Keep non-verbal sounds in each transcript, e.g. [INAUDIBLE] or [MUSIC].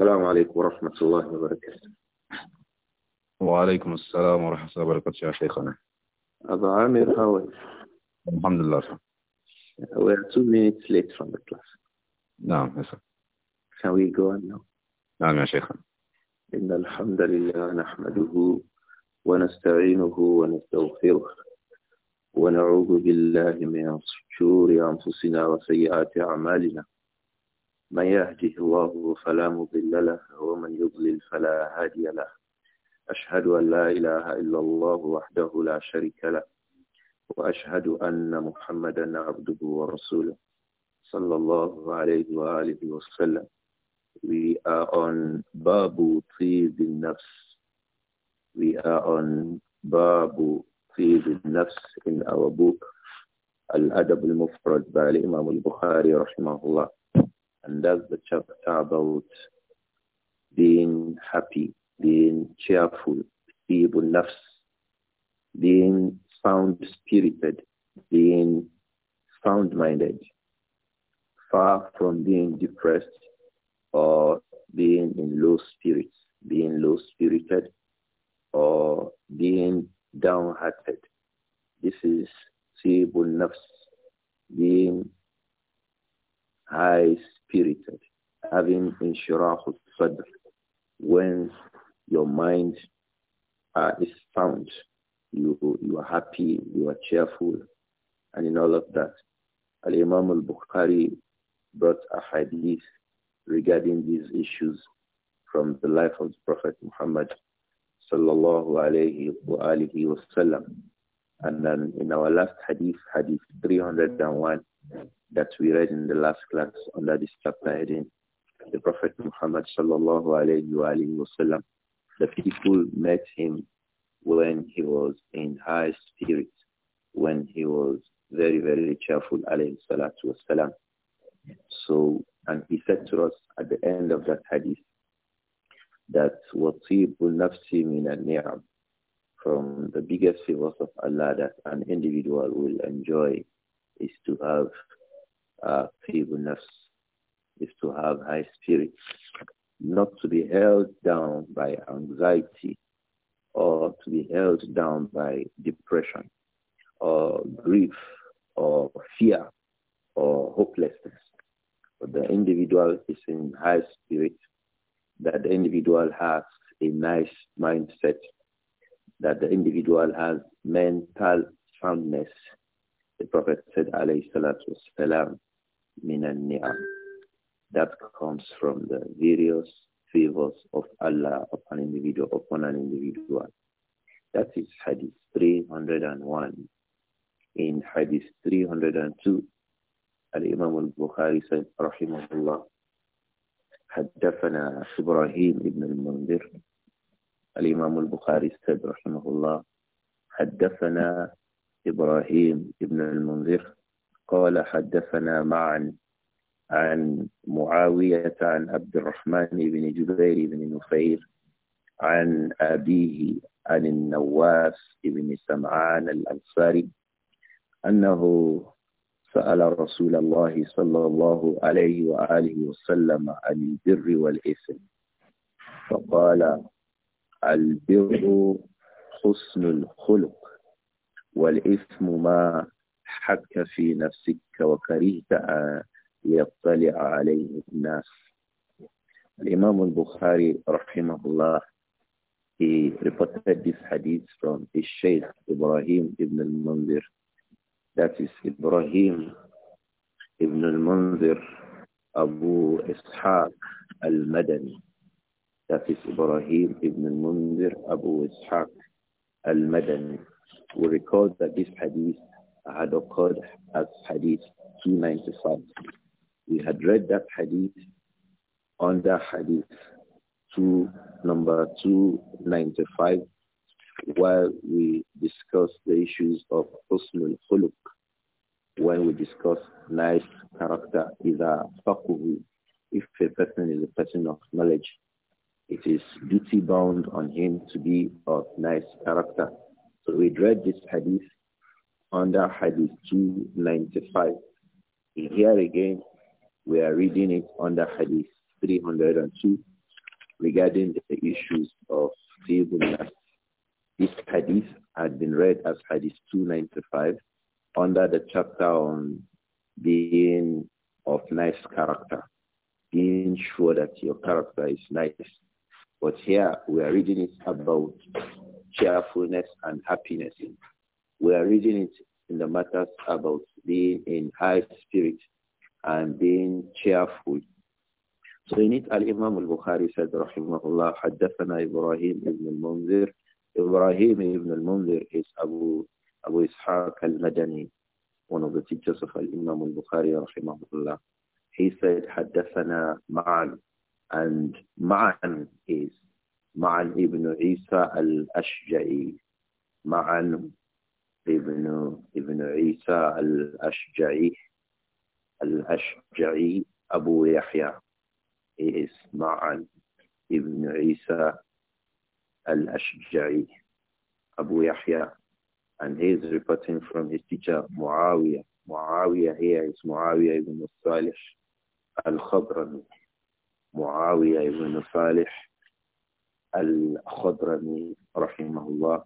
السلام عليكم ورحمة الله وبركاته وعليكم السلام ورحمة الله وبركاته يا شيخنا أبا عامر how are you? الحمد لله We are two minutes late from the class. نعم يا سلام. can we go on now? نعم يا شيخنا. إن الحمد لله نحمده ونستعينه ونستغفره ونعوذ بالله من شرور أنفسنا وسيئات أعمالنا. من يهده الله فلا مضل له ومن يضلل فلا هادي له أشهد أن لا إله إلا الله وحده لا شريك له وأشهد أن محمدا عبده ورسوله صلى الله عليه وآله وسلم We are on Babu Tib Nafs. We are on Babu Tib Nafs in our book Al-Adab al-Mufrad by Imam al-Bukhari rahimahullah. And that's the chapter about being happy, being cheerful, feeble nafs, being sound spirited, being sound minded, far from being depressed or being in low spirits, being low spirited or being downhearted. This is feeble nafs, being high spirited, having inshirah sadr, when your mind uh, is sound, you you are happy, you are cheerful, and in all of that, Al Imam Al Bukhari brought a hadith regarding these issues from the life of the Prophet Muhammad sallallahu alayhi wa alihi wasallam. And then in our last hadith, hadith 301, that we read in the last class under this chapter heading, the Prophet Muhammad sallallahu alayhi wa alayhi the people met him when he was in high spirits, when he was very, very cheerful alayhi salatu wasalam. So, and he said to us at the end of that hadith that وَطِيبُ النَّفْسِ مِنَ النِّعَمِ From the biggest favors of Allah that an individual will enjoy is to have Tibunus uh, is to have high spirits, not to be held down by anxiety or to be held down by depression or grief or fear or hopelessness. But the individual is in high spirit, that the individual has a nice mindset, that the individual has mental soundness. The Prophet said, alayhi salatu wasalam, minannia. That comes from the various favors of Allah upon an individual, upon an individual. That is Hadith 301. In Hadith 302, Al-Imam al-Bukhari said, Rahimahullah, Al إبراهيم بن المنذر الإمام البخاري استد رحمه الله Ibrahim ibn Al المنذر قال حدثنا معا عن معاوية عن عبد الرحمن بن جبير بن نفير عن أبيه عن النواس بن سمعان الأنصاري أنه سأل رسول الله صلى الله عليه وآله وسلم عن البر والإثم فقال البر حسن الخلق والإثم ما حكك في نفسك وكرهت يطلع عليه الناس الإمام البخاري رحمه الله he reported this hadith from his sheikh Ibrahim ibn al-Munzir that is Ibrahim ibn al-Munzir Abu Ishaq al-Madani that is Ibrahim ibn al-Munzir Abu Ishaq al-Madani we record that this hadith had occurred as Hadith 295. We had read that Hadith under Hadith 2, number 295, while we discussed the issues of Husnul Khuluq, when we discuss nice character, is a If a person is a person of knowledge, it is duty bound on him to be of nice character. So we read this hadith under Hadith 295. Here again, we are reading it under Hadith 302 regarding the issues of feebleness. This Hadith had been read as Hadith 295 under the chapter on being of nice character, being sure that your character is nice. But here we are reading it about cheerfulness and happiness we are reading it in the matters about being in high spirit and being cheerful. So in it, Al-Imam al-Bukhari said, Rahimahullah, Haddathana Ibrahim ibn al-Munzir. Ibrahim ibn al-Munzir is Abu, Abu Ishaq al-Madani, one of the teachers of Al-Imam al-Bukhari, Rahimahullah. He said, Haddathana Ma'an. And Ma'an is Ma'an ibn Isa al-Ashja'i. Ma'an ابن ابن عيسى الأشجعي الأشجعي أبو يحيى إسماعيل ابن عيسى الأشجعي أبو يحيى and he is reporting from his teacher Muawiyah. Muawiyah here is Muawiyah ibn Salih al معاوية Muawiyah ibn الخضرمي al الله rahimahullah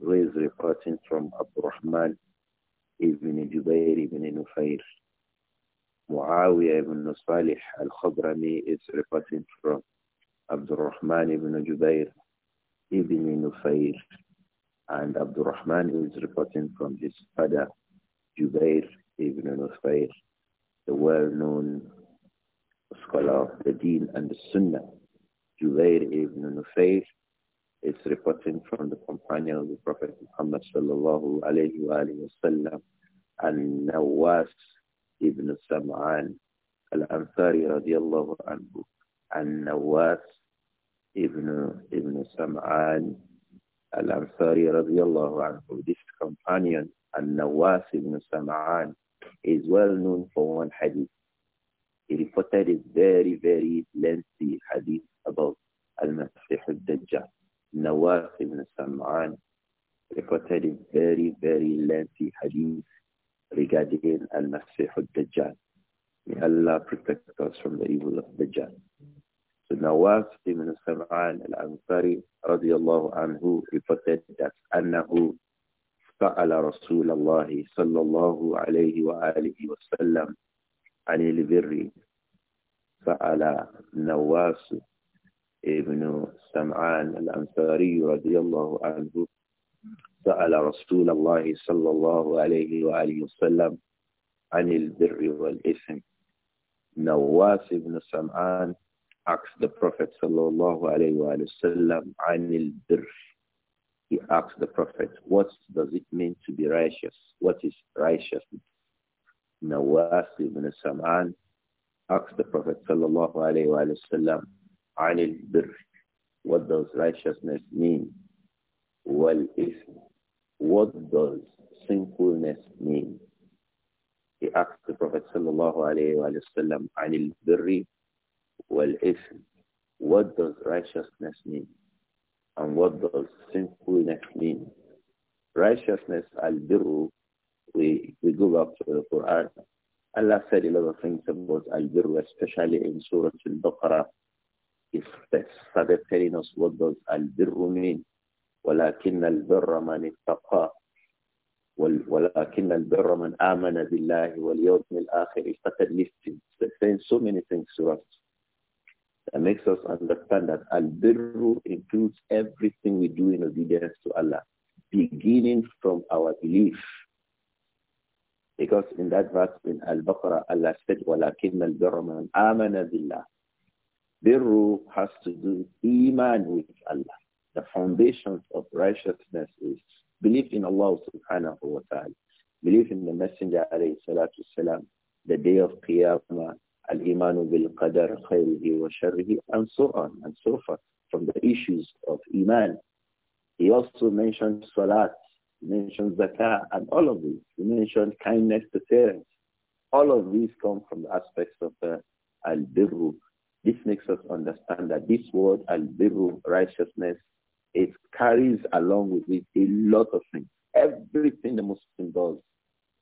raised reporting from Abu Rahman ibn Jubair ibn Nufair. Muawiyah ibn Salih al-Khadrami is reporting from Abdurrahman ibn Jubair ibn Nufair. And Abdurrahman is reporting from his father, Jubair ibn Nufair, the well-known scholar of the Deen and the Sunnah. Jubair ibn Nufair it's reporting from the companion of the Prophet Muhammad sallallahu alayhi wa sallam, Al-Nawas ibn Sam'an, Al-Ansari radiallahu anhu, Al-Nawas ibn, ibn Sam'an, Al-Ansari radiallahu anhu. This companion, Al-Nawas ibn Sam'an, is well known for one hadith. He reported a very, very lengthy hadith about Al-Masih al-Dajjal. Nawas ibn Sam'an reported a very, very lengthy hadith regarding Al-Masih al-Dajjal. May Allah protect us from the evil of Dajjal. So Nawas ibn Sam'an al-Ansari radiallahu anhu reported that أنه سأل رسول الله صلى الله عليه وآله وسلم عن البر فعلى نواس ibn Sam'an al-Ansari الله عنه سأل رسول الله صلى الله عليه وآله وسلم عن البر والإثم نواس بن سمعان asked the Prophet صلى الله عليه وآله وسلم عن البر He asked the Prophet, what does it mean to be righteous? What is righteousness? Nawas ibn Sam'an asked the Prophet sallallahu alayhi wa sallam what does righteousness mean? Well, if what does sinfulness mean? He asked the Prophet sallallahu alayhi wa sallam, anil What does righteousness mean? And what does sinfulness mean? Righteousness, al-birru, we, we go back to the Quran. Allah said a lot of things about al-birru, especially in Surah Al-Baqarah if He started telling us what does al-birru mean. ولكن البر من اتقى ولكن البر من آمن بالله واليوم الآخر He started listing, saying so many things to us. That makes us understand that al-birru includes everything we do in obedience to Allah, beginning from our belief. Because in that verse in Al-Baqarah, Allah said, وَلَكِنَّ الْبِرَّ مَنْ آمَنَ بِاللَّهِ Birru has to do iman with Allah. The foundations of righteousness is belief in Allah subhanahu wa ta'ala, belief in the Messenger alayhi salatu salam, the day of Qiyamah, al-imanu bil qadar khayrihi wa sharrihi, and so on and so forth from the issues of iman. He also mentioned salat, he mentioned zakah, and all of these. He mentioned kindness to parents. All of these come from the aspects of the al-birru, this makes us understand that this word al-birru, righteousness, it carries along with it a lot of things. Everything the Muslim does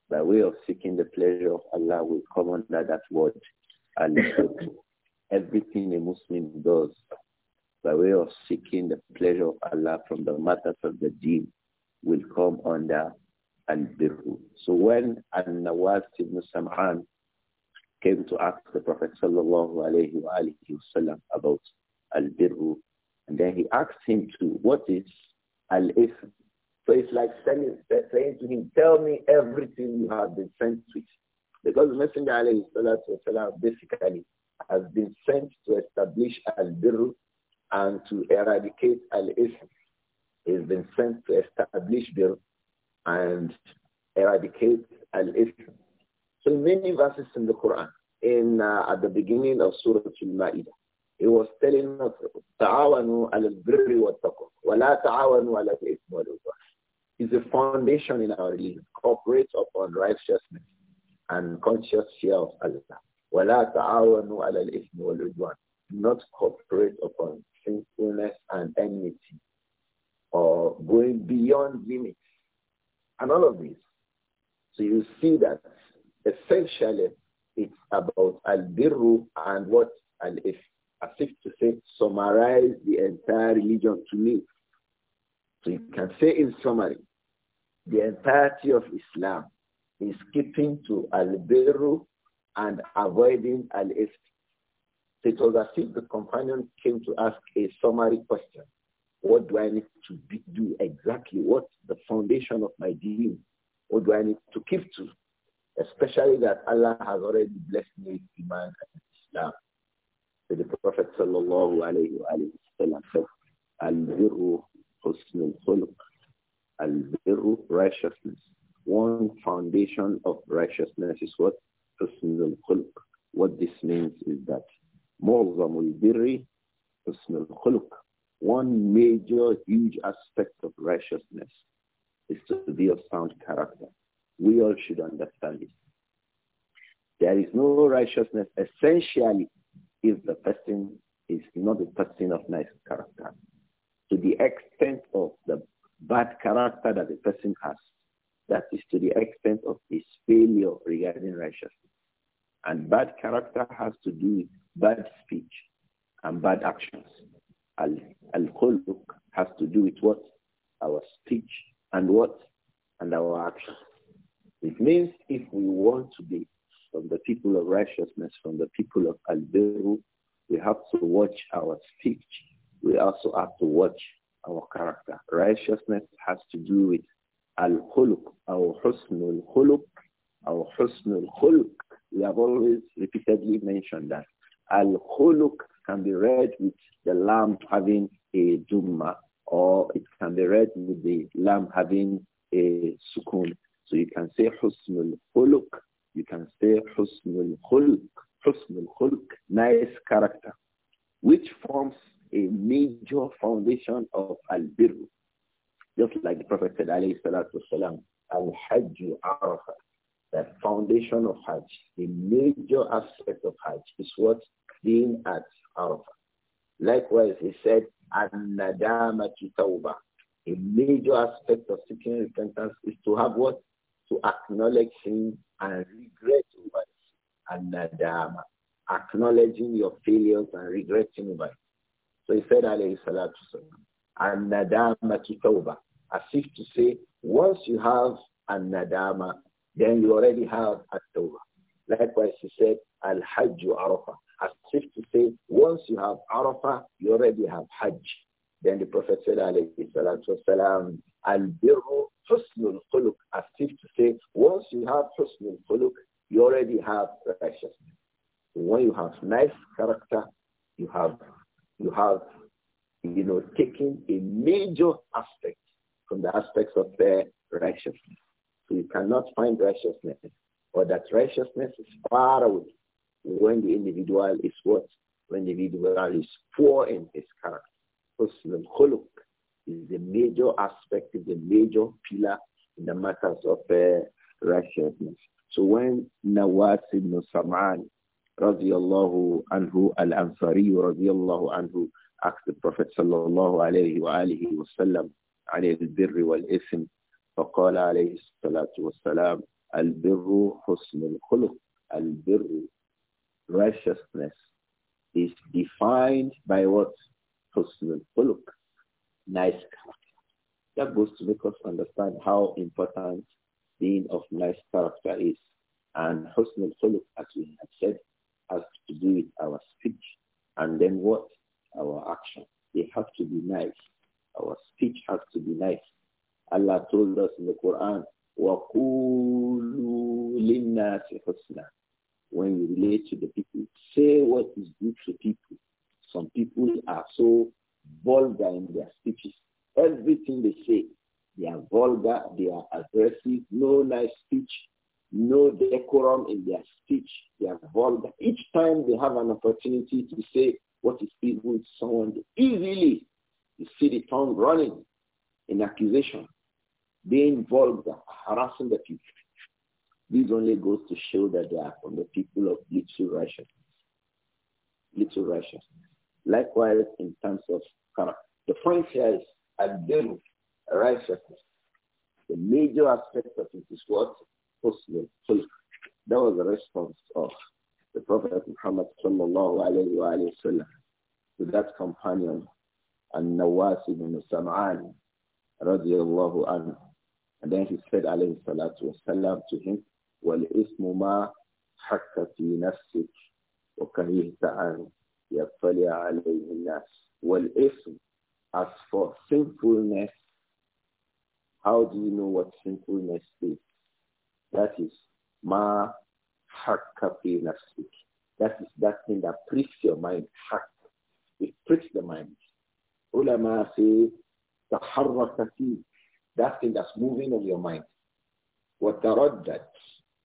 by way of seeking the pleasure of Allah will come under that word al-birru. Everything a Muslim does by way of seeking the pleasure of Allah from the matters of the deen will come under al-birru. So when An-Nawas ibn Sam'an came to ask the Prophet sallallahu wasallam about al-birru. And then he asked him to, what is al-ifm? So it's like saying, saying to him, tell me everything you have been sent with. Because the Messenger alayhi salatu wasallam basically has been sent to establish al-birru and to eradicate al-ism. He's been sent to establish birr and eradicate al-ism. So many verses in the Quran, in uh, at the beginning of Surah Al-Ma'idah, it was telling us, تعاونوا على wa والتقوى ولا تعاونوا على الإثم والعدوان. It's a foundation in our religion. Cooperate upon righteousness and conscious fear of Allah. ولا تعاونوا على الإثم not cooperate upon sinfulness and enmity or going beyond limits and all of this. So you see that essentially it's about al-birru and what and if As if to say, summarize the entire religion to me. So you can say in summary, the entirety of Islam is keeping to al-birru and avoiding al-if. So it was as if the companion came to ask a summary question. What do I need to do exactly? What's the foundation of my deen? What do I need to keep to? especially that Allah has already blessed me with Iman and Islam. So the Prophet sallallahu alayhi wa said, Al-Birru Husnul Khuluq, Al-Birru Righteousness. One foundation of righteousness is what? Husnul Khuluq. What this means is that Mu'zamul Birri Husnul Khuluq. One major, huge aspect of righteousness is to be of sound character we all should understand this. There is no righteousness. Essentially, if the person is not a person of nice character, to the extent of the bad character that the person has, that is to the extent of his failure regarding righteousness. And bad character has to do with bad speech and bad actions. Al-Khuluq has to do with what? Our speech and what? And our actions. It means if we want to be from the people of righteousness, from the people of Alberu, we have to watch our speech. We also have to watch our character. Righteousness has to do with al-khuluq, our husnul khuluq, our husnul khuluq. We have always repeatedly mentioned that. Al-khuluq can be read with the lamb having a dumma, or it can be read with the lamb having a sukun. So you can say husnul khuluq. You can say husnul khuluq. Husnul khuluq, nice character, which forms a major foundation of al-birr. Just like the Prophet said, alayhi salatu wasalam, al-hajju arafah. The foundation of Hajj, the major aspect of Hajj is what being at Arafah. Likewise, he said, an-nadamatu A major aspect of seeking repentance is to have what? to acknowledge him and regret over it. And nadama, um, acknowledging your failures and regretting over it. So he said, alayhi salatu and nadama to as if to say, once you have an nadama, then you already have a Likewise, he said, al-hajju arafa," as if to say, once you have arafa, you already have hajj. Then the Prophet said, alayhi salatu wasalam, al-birru husnul khuluq, as if to say, once you have husnul khuluq, you already have righteousness. When you have nice character, you have, you have, you know, taken a major aspect from the aspects of the righteousness. So you cannot find righteousness, or that righteousness is far away when the individual is what? When the individual is poor in his character. حسن الخلق is the major aspect, is the major pillar in the matters of uh, righteousness. So when Nawas ibn Sam'an رضي الله عنه al-Ansari الله عنه asked the Prophet صلى الله عليه وآله وسلم sallam عن البر والإثم فقال عليه الصلاة والسلام البر حسن الخلق البر righteousness is defined by what Personal oh, khuluq, nice character. That goes to make us understand how important being of nice character is. And personal khuluq, oh, as we have said, has to do with our speech and then what? Our action. They have to be nice. Our speech has to be nice. Allah told us in the Quran, وَقُولُوا لِلنَّاسِ حُسْنًا When you relate to the people, say what is good to people some people are so vulgar in their speeches. Everything they say, they are vulgar, they are aggressive, no nice speech, no decorum in their speech, they are vulgar. Each time they have an opportunity to say what is people to someone, easily you see the tongue running in accusation, being vulgar, harassing the people. This only goes to show that they are from the people of little righteousness. Little righteousness. Likewise, in terms of karma. The point here is adil, righteousness. The major aspect of it is what? Husnul Khulq. That was the response of the Prophet Muhammad sallallahu alayhi wa alayhi to that companion, and nawas ibn Sam'an radiallahu anhu. And then he said alayhi salatu wasallam to him, وَالْإِثْمُ مَا حكت فِي نَفْسِكَ وَكَرِهْتَ عَنْهُ well, عليه الناس as for sinfulness how do you know what sinfulness is that is ma hakka fi that is that thing that pricks your mind hak it pricks the mind ulama say taharraka fi that thing that's moving on your mind what that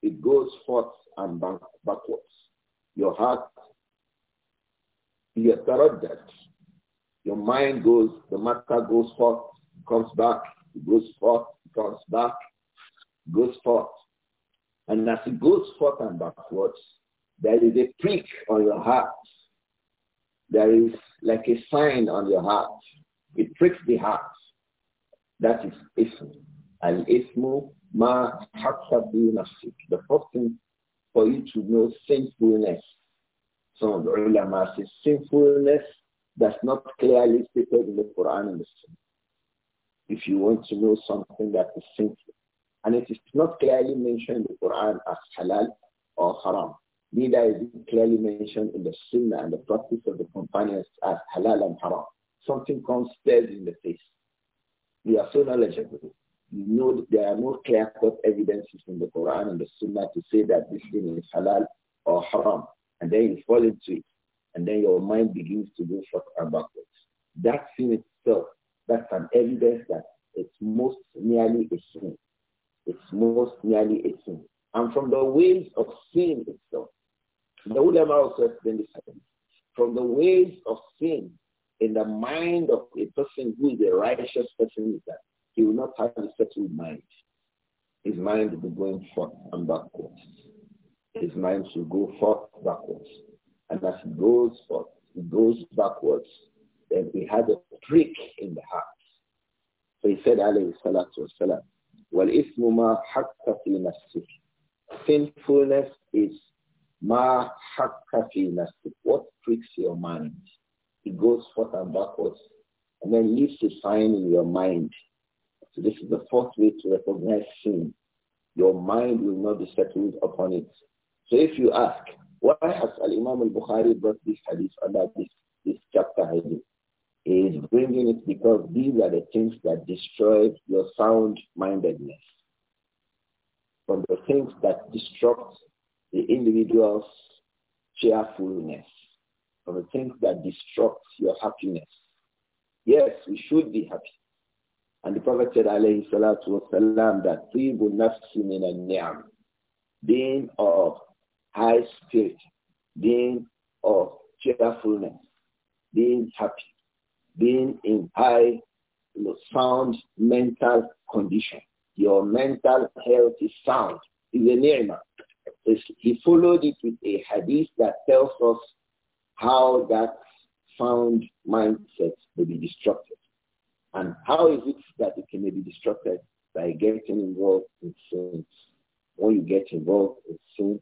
it goes forth and backwards your heart يتردد your mind goes, the matter goes forth, comes back, goes forth, comes back, goes forth. And as it goes forth and backwards, there is a prick on your heart. There is like a sign on your heart. It pricks the heart. That is ism. And ismu ma hasabu nafsik. The first thing for you to know sinfulness some of the ulama says sinfulness that's not clearly stated in the Quran and the Sunnah. If you want to know something that is sinful, and it is not clearly mentioned in the Quran as halal or haram, neither is it clearly mentioned in the Sunnah and the practice of the companions as halal and haram. Something comes stared in the face. You are so knowledgeable. You know there are no clear-cut evidences in the Quran and the Sunnah to say that this thing is halal or haram and then you fall into it, and then your mind begins to go forward and backwards. That in itself, that's an evidence that it's most nearly a sin. It's most nearly a sin. And from the ways of sin itself, the ulama also explained this. From the ways of sin in the mind of a person who is a righteous person is that he will not have a settled mind. His mind will be going forth and backwards his mind should go forth backwards. And as he goes forth, he goes backwards, then he has a prick in the heart. So he said, alayhi salatu wasalam, if مَا hakka fi نَفْسِكِ Sinfulness is ma hakka fi نَفْسِكِ What pricks your mind? It goes forth and backwards and then leaves a sign in your mind. So this is the fourth way to recognize sin. Your mind will not be settled upon it. So if you ask, why has Al-Imam al-Bukhari brought this hadith about this, this chapter hadith, He is bringing it because these are the things that destroy your sound-mindedness. From the things that disrupt the individual's cheerfulness. From the things that disrupt your happiness. Yes, we should be happy. And the Prophet said, alayhi salatu wasalam, that tribul nafsi min al-ni'am. Being of high spirit, being of cheerfulness, being happy, being in high, you know, sound mental condition. Your mental health is sound, is a ni'mah. He followed it with a hadith that tells us how that sound mindset may be destructed. And how is it that it can be destructed? By getting involved in sins. When you get involved in sins.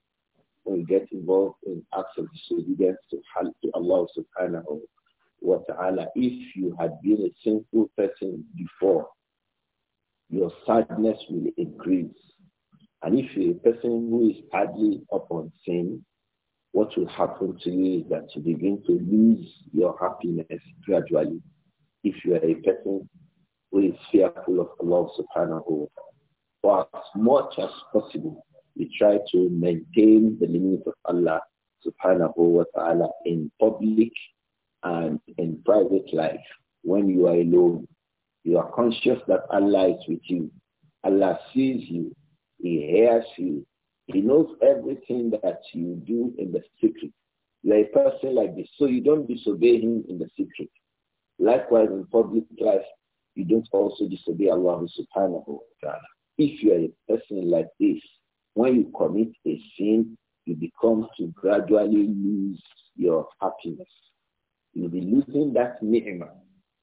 Will get involved in acts of disobedience to, to Allah subhanahu wa ta'ala, if you had been a sinful person before, your sadness will increase. And if you're a person who is hardly upon sin, what will happen to you is that you begin to lose your happiness gradually. If you are a person who is fearful of Allah subhanahu wa ta'ala, for as much as possible, we try to maintain the limits of Allah subhanahu wa ta'ala in public and in private life. When you are alone, you are conscious that Allah is with you. Allah sees you. He hears you. He knows everything that you do in the secret. You are a person like this, so you don't disobey him in the secret. Likewise, in public life, you don't also disobey Allah subhanahu wa ta'ala. If you are a person like this, when you commit a sin, you become to gradually lose your happiness. You'll be losing that ni'mah,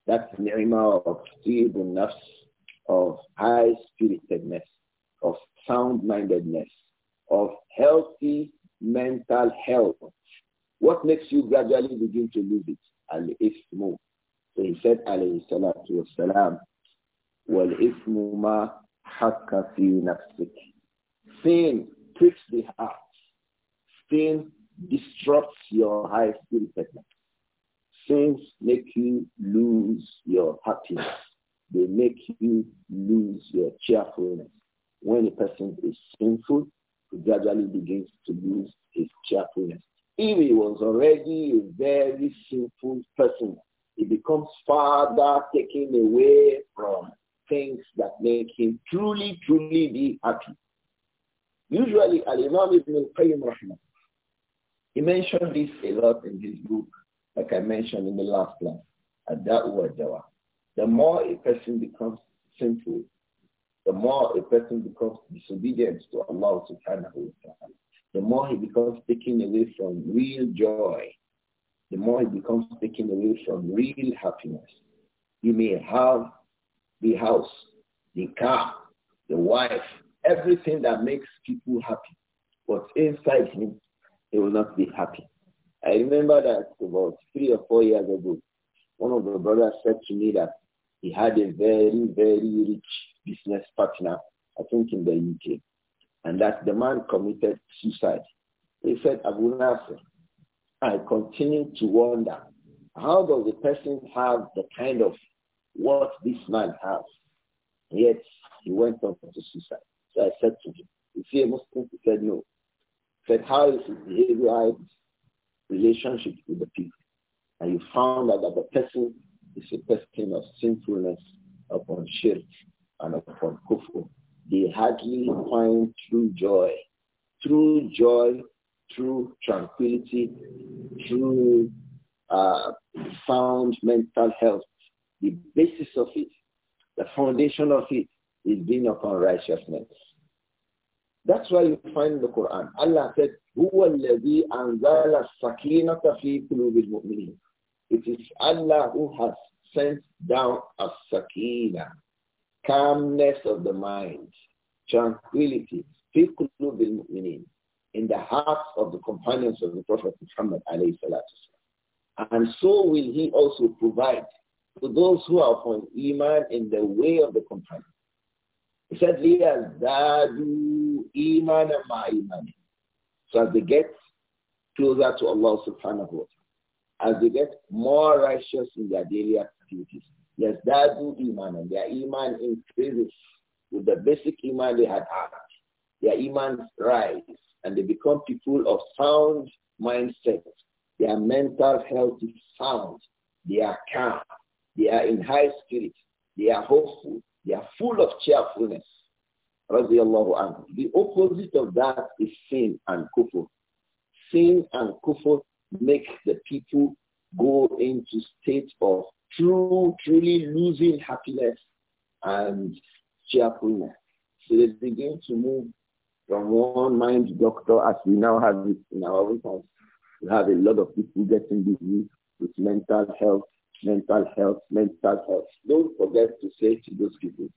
that ni'mah of stable nafs, of high spiritedness, of sound-mindedness, of healthy mental health. What makes you gradually begin to lose it? Al-Ismu. So he said, alayhi salatu wasalam, wal-Ismu ma hakka fi nafsik. Sin pricks the heart. Sin disrupts your high spirit. Sins make you lose your happiness. They make you lose your cheerfulness. When a person is sinful, he gradually begins to lose his cheerfulness. If he was already a very sinful person, he becomes further taken away from things that make him truly, truly be happy. Usually, Al-Imam Ibn al-Qayyim Rahman, he mentioned this a lot in his book, like I mentioned in the last class, Ad-Da'u dawa The more a person becomes sinful, the more a person becomes disobedient to Allah subhanahu wa ta'ala, the more he becomes taken away from real joy, the more he becomes taken away from real happiness. You may have the house, the car, the wife, everything that makes people happy. But inside him, he will not be happy. I remember that about three or four years ago, one of the brothers said to me that he had a very, very rich business partner, I think in the UK, and that the man committed suicide. He said, Abu Nasser, I continue to wonder, how does a person have the kind of what this man has? Yet he went on to suicide. So I said to him, "You see, a Muslim? He said, no. I said, how is his his relationship with the people? And you found out that the person is a person of sinfulness upon shirk and upon kufr. They hardly find true joy. True joy, true tranquility, true uh, sound mental health. The basis of it, the foundation of it is being upon righteousness. That's why you find the Quran. Allah said, هو الذي أنزل السكينة في قلوب المؤمنين. It is Allah who has sent down a sakina, calmness of the mind, tranquility, في قلوب المؤمنين, in the hearts of the companions of the Prophet Muhammad alayhi And so will he also provide to those who are upon Iman in the way of the companions. He said, لِيَزْدَادُوا iman مَا iman. So as they get closer to Allah subhanahu wa ta'ala, as they get more righteous in their daily activities, iman, and Their iman increases with the basic iman they had had. Their iman rise and they become people of sound mindset. Their mental health is sound. They are calm. They are in high spirit. They are hopeful. They are full of cheerfulness. The opposite of that is sin and kufr. Sin and kufr make the people go into state of true, truly losing happiness and cheerfulness. So they begin to move from one mind doctor as we now have it in our own house. We have a lot of people getting busy with mental health mental health, mental health. Don't forget to say to those people,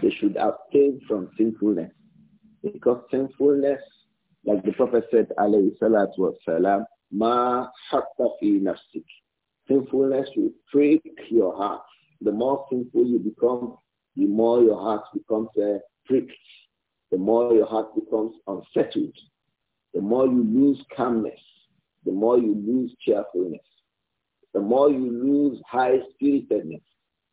they should abstain from sinfulness. Because sinfulness, like the Prophet said, alayhi salatu wasalam, ma hatta fi nafsik. Sinfulness will prick your heart. The more sinful you become, the more your heart becomes uh, pricked. The more your heart becomes unsettled. The more you lose calmness. The more you lose cheerfulness the more you lose high-spiritedness.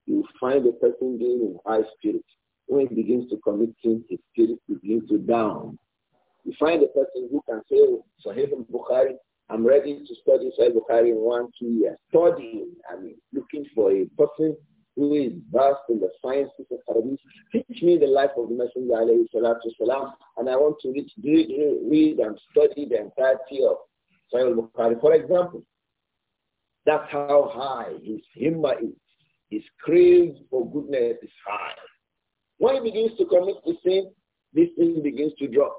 You find a person being in high spirit. When he begins to commit sin, his spirit begins to down. You find a person who can say, oh, Sahih Bukhari, I'm ready to study Sahih Bukhari in one, two years. Studying, I mean, looking for a person who is versed in the sciences of Arabic. Teach me the life of the Messenger, salam, and I want to read, read, read and study the entirety of Sahih Bukhari. For example, that's how high his himma is. His craze for goodness is high. When he begins to commit the sin, this thing begins to drop.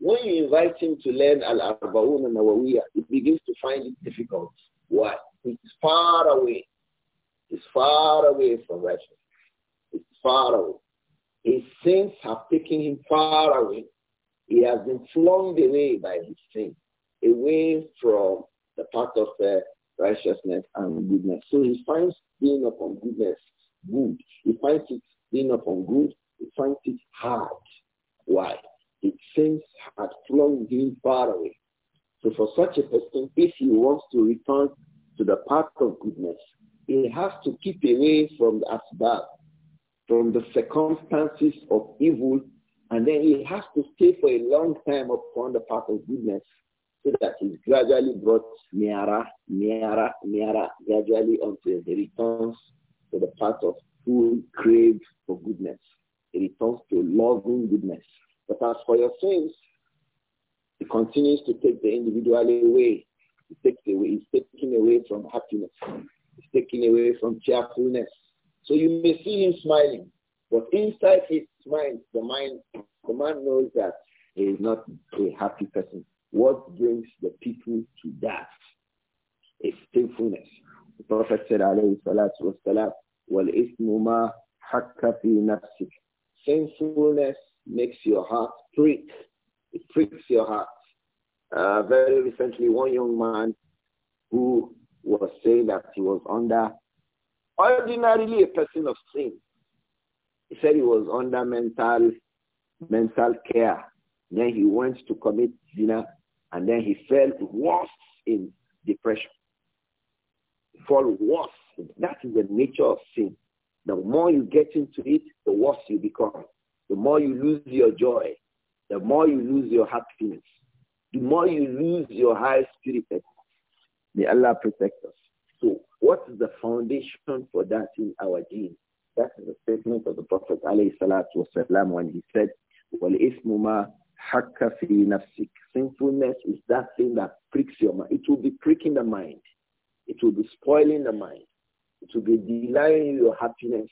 When you invite him to learn Al-Arba'un and Nawawiyah, he begins to find it difficult. Why? He's far away. He's far away from Russia. He's far away. His sins have taken him far away. He has been flung away by his sin, away from the path of uh, righteousness and goodness. So he finds being upon goodness good. He finds it being upon good. He finds it hard. Why? It seems at flung him far away. So for such a person, if he wants to return to the path of goodness, he has to keep away from the asbab, from the circumstances of evil, and then he has to stay for a long time upon the path of goodness so that he's gradually brought nearer, nearer, nearer, gradually onto the returns to the path of full crave for goodness. He returns to loving goodness. But as for your sins, he continues to take the individual away. He takes away. He's taking away from happiness. He's taking away from cheerfulness. So you may see him smiling, but inside his mind, the mind, the man knows that he is not a happy person. What brings the people to that is sinfulness. The Prophet said, alayhi salatu wasalam, وَالْإِثْمُ مَا حَكَّ فِي نَفْسِكَ Sinfulness makes your heart prick. It pricks your heart. Uh, very recently, one young man who was saying that he was under, ordinarily a person of sin. He said he was under mental, mental care. Then he went to commit zina and then he fell worse in depression. He fell worse. That is the nature of sin. The more you get into it, the worse you become. The more you lose your joy, the more you lose your happiness, the more you lose your high spirit. May Allah protect us. So what is the foundation for that in our deen? That is the statement of the Prophet ﷺ salatu when he said, وَالْإِثْمُ مَا Hakka fi Sinfulness is that thing that pricks your mind. It will be pricking the mind. It will be spoiling the mind. It will be denying your happiness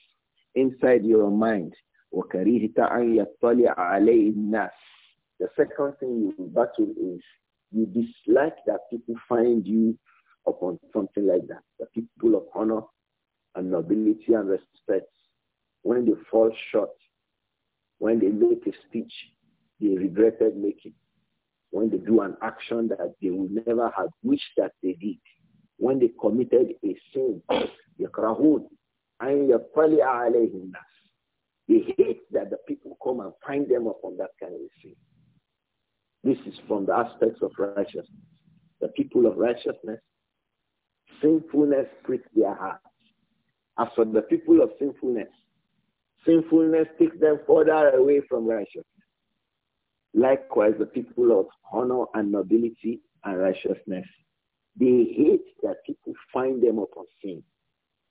inside your mind. The second thing you battle is you dislike that people find you upon something like that. The people of honor and nobility and respect, when they fall short, when they make a speech, they regretted making, when they do an action that they would never have wished that they did, when they committed a sin, يكرهون أن يطلع عليه الناس. They hate that the people come and find them upon that kind of sin. This is from the aspects of righteousness. The people of righteousness, sinfulness pricks their hearts. As for the people of sinfulness, sinfulness takes them further away from righteousness. Likewise, the people of honor and nobility and righteousness. They hate that people find them upon sin.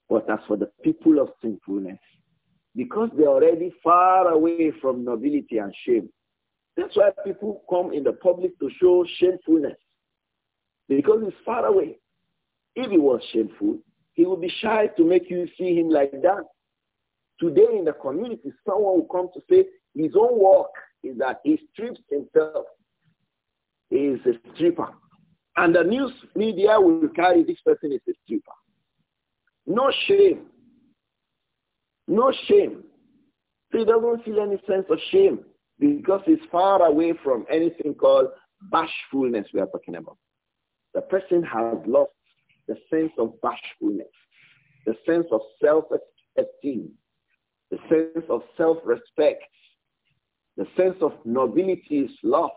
But as for the people of sinfulness, because they're already far away from nobility and shame, that's why people come in the public to show shamefulness. Because it's far away. If he was shameful, he would be shy to make you see him like that. Today in the community, someone will come to say his own work is that he strips himself. He is a stripper. And the news media will carry this person is a stripper. No shame. No shame. So he doesn't feel any sense of shame because he's far away from anything called bashfulness we are talking about. The person has lost the sense of bashfulness, the sense of self-esteem, the sense of self-respect, the sense of nobility is lost.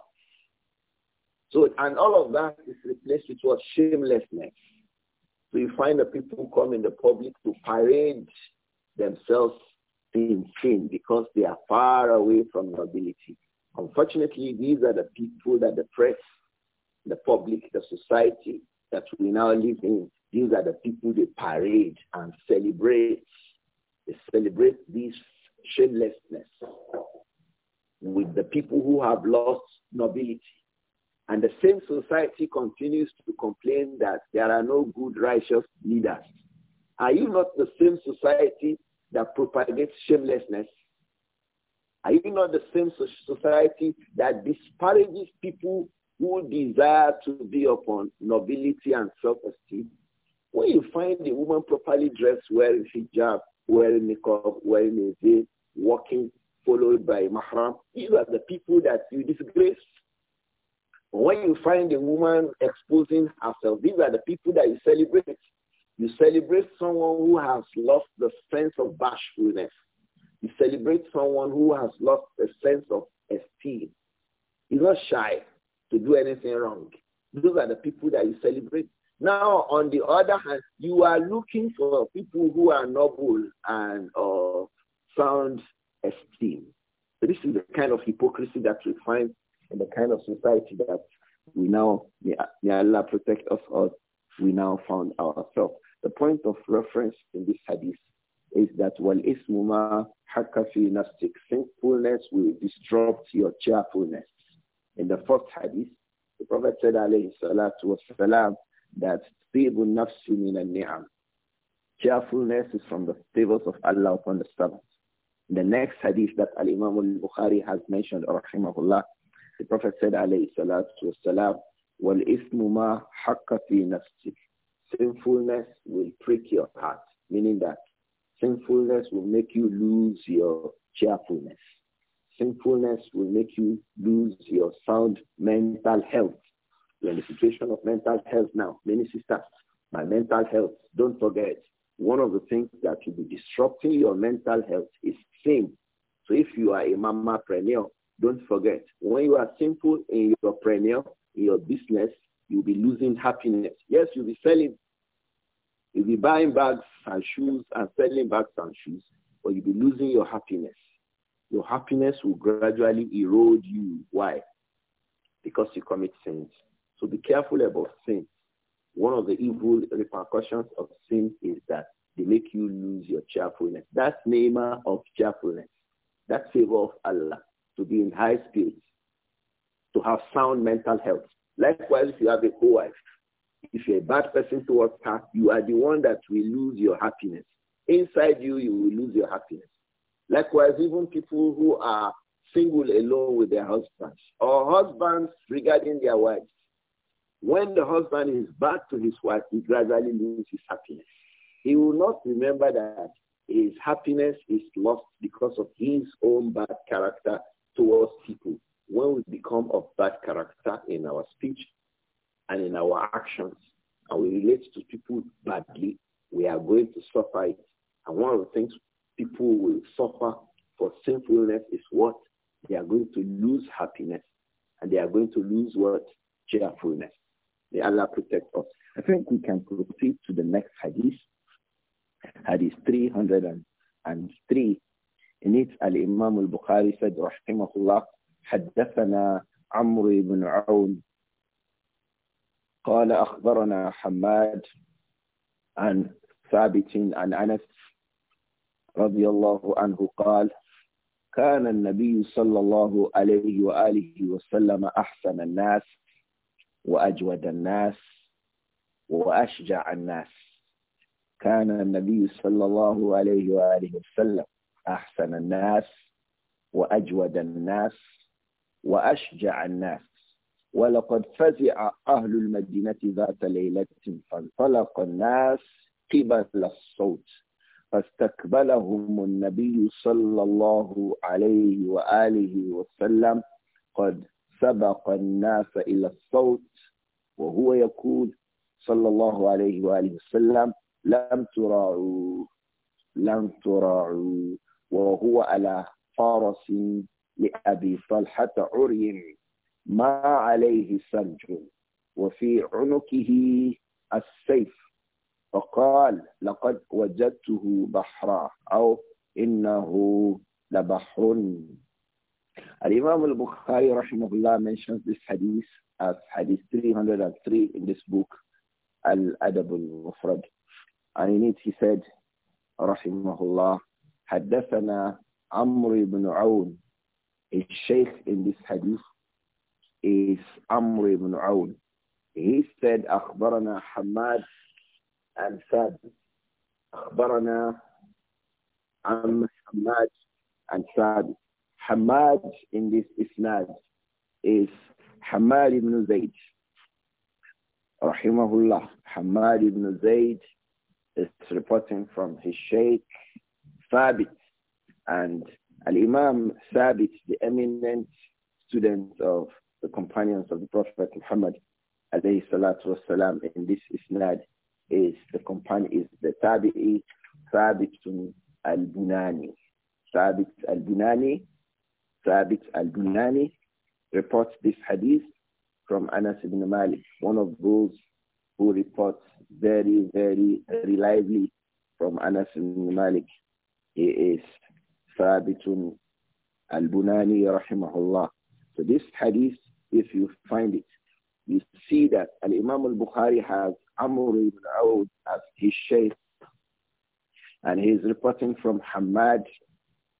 So, and all of that is replaced with what? Shamelessness. So you find the people who come in the public to parade themselves being seen because they are far away from nobility. Unfortunately, these are the people that the press, the public, the society that we now live in, these are the people they parade and celebrate. They celebrate this shamelessness with the people who have lost nobility. And the same society continues to complain that there are no good righteous leaders. Are you not the same society that propagates shamelessness? Are you not the same society that disparages people who desire to be upon nobility and self-esteem? When you find a woman properly dressed, wearing hijab, wearing makeup, wearing a veil, walking followed by mahram. These are the people that you disgrace. When you find a woman exposing herself, these are the people that you celebrate. You celebrate someone who has lost the sense of bashfulness. You celebrate someone who has lost the sense of esteem. He's not shy to do anything wrong. Those are the people that you celebrate. Now, on the other hand, you are looking for people who are noble and uh, sound esteem. So this is the kind of hypocrisy that we find in the kind of society that we now, may Allah protect us or we now found ourselves. The point of reference in this hadith is that while ismuma hakafi nastik, thankfulness will disrupt your cheerfulness. In the first hadith, the Prophet said alayhi salatu wasalam that tibu nafsi min ni'am. Cheerfulness is from the favors of Allah upon the servant. The next hadith that Al-Imam al-Bukhari has mentioned, rahimahullah, the Prophet said, alayhi salatu wasalam, وَالْإِثْمُ مَا حَقَّ فِي نَفْسِكَ Sinfulness will prick your heart, meaning that sinfulness will make you lose your cheerfulness. Sinfulness will make you lose your sound mental health. You're in the situation of mental health now. Many sisters, my mental health, don't forget, one of the things that will be disrupting your mental health is same. So if you are a mama premier, don't forget, when you are simple in your preneur, in your business, you'll be losing happiness. Yes, you'll be selling. You'll be buying bags and shoes and selling bags and shoes, but you'll be losing your happiness. Your happiness will gradually erode you. Why? Because you commit sins. So be careful about sins. One of the evil repercussions of sin is that they make you lose your cheerfulness. That's Neymar of cheerfulness. That's favor of Allah, to be in high spirits, to have sound mental health. Likewise, if you have a co-wife, if you're a bad person towards her, you are the one that will lose your happiness. Inside you, you will lose your happiness. Likewise, even people who are single alone with their husbands or husbands regarding their wives. When the husband is bad to his wife, he gradually loses his happiness he will not remember that his happiness is lost because of his own bad character towards people. When we become of bad character in our speech and in our actions, and we relate to people badly, we are going to suffer it. And one of the things people will suffer for sinfulness is what? They are going to lose happiness and they are going to lose what? Cheerfulness. May Allah protect us. I think we can proceed to the next hadith. hadith 303 in it al-Imam al-Bukhari said rahimahullah حدثنا عمرو بن عون قال أخبرنا حماد عن ثابت عن أنس رضي الله عنه قال كان النبي صلى الله عليه وآله وسلم أحسن الناس وأجود الناس وأشجع الناس كان النبي صلى الله عليه وآله وسلم أحسن الناس وأجود الناس وأشجع الناس ولقد فزع أهل المدينة ذات ليلة فانطلق الناس قبل الصوت فاستقبلهم النبي صلى الله عليه وآله وسلم قد سبق الناس إلى الصوت وهو يقول صلى الله عليه وآله وسلم لم تراعوا لم تراعوا وهو على فرس لأبي طلحة عري ما عليه سرج وفي عنقه السيف فقال لقد وجدته بحرا أو إنه لبحر الإمام البخاري رحمه الله mentions this hadith as hadith 303 in this book الأدب المفرد and in it he said, Rahimahullah, Haddathana Amr ibn Aoun, a sheikh in this hadith is Amr ibn Aoun. He said, Akhbarana Hamad and said, Akhbarana Am Hamad and said, Hamad in this isnad is Hamad ibn Zayd. Rahimahullah, Hamad ibn Zayd is reporting from his Sheikh Thabit. And Al-Imam Thabit, the eminent student of the companions of the Prophet Muhammad, alayhi salatu wasalam, in this isnad, is the companion, is the Tabi'i Thabit al-Bunani. Thabit al-Bunani, Thabit al-Bunani reports this hadith from Anas ibn Malik, one of those who reports very, very reliably from Anas ibn Malik. He is Thabitun al-Bunani rahimahullah. So this hadith, if you find it, you see that Al-Imam al-Bukhari has Amr ibn Awd as his sheikh and he is reporting from Hamad,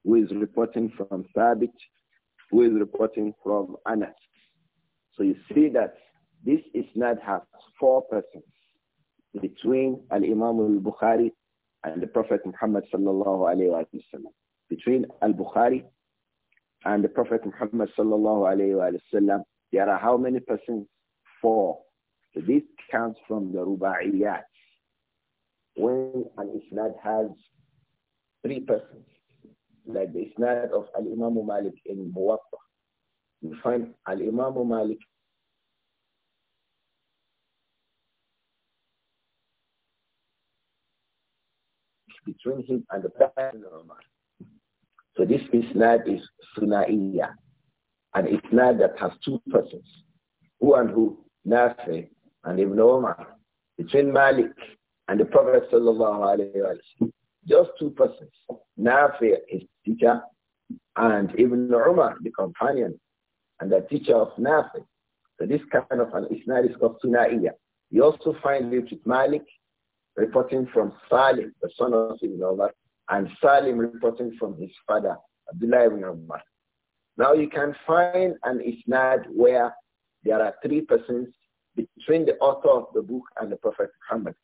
who is reporting from Thabit, who is reporting from Anas. So you see that this isn't has four persons between Al-Imam al-Bukhari and the Prophet Muhammad sallallahu alayhi wasallam. Between al-Bukhari and the Prophet Muhammad sallallahu alayhi wasallam, there are how many persons? Four. So this comes from the Ruba'iyat. When an Isnad has three persons, like the Isnad of Al-Imam Malik in Muwatta, you find Al-Imam Malik between him and the Prophet So this isnad is sunaiya, an isnad that has two persons, who and who, Nafi and Ibn Umar, between Malik and the Prophet sallallahu alaihi wasallam. Just two persons, Nafi, his teacher, and Ibn Umar, the companion, and the teacher of Nafi. So this kind of an isnad is called sunaiya. You also find it with Malik reporting from Salim, the son of Ibn and Salim reporting from his father, Abdullah ibn Umar. Now you can find an isnad where there are three persons between the author of the book and the Prophet Muhammad,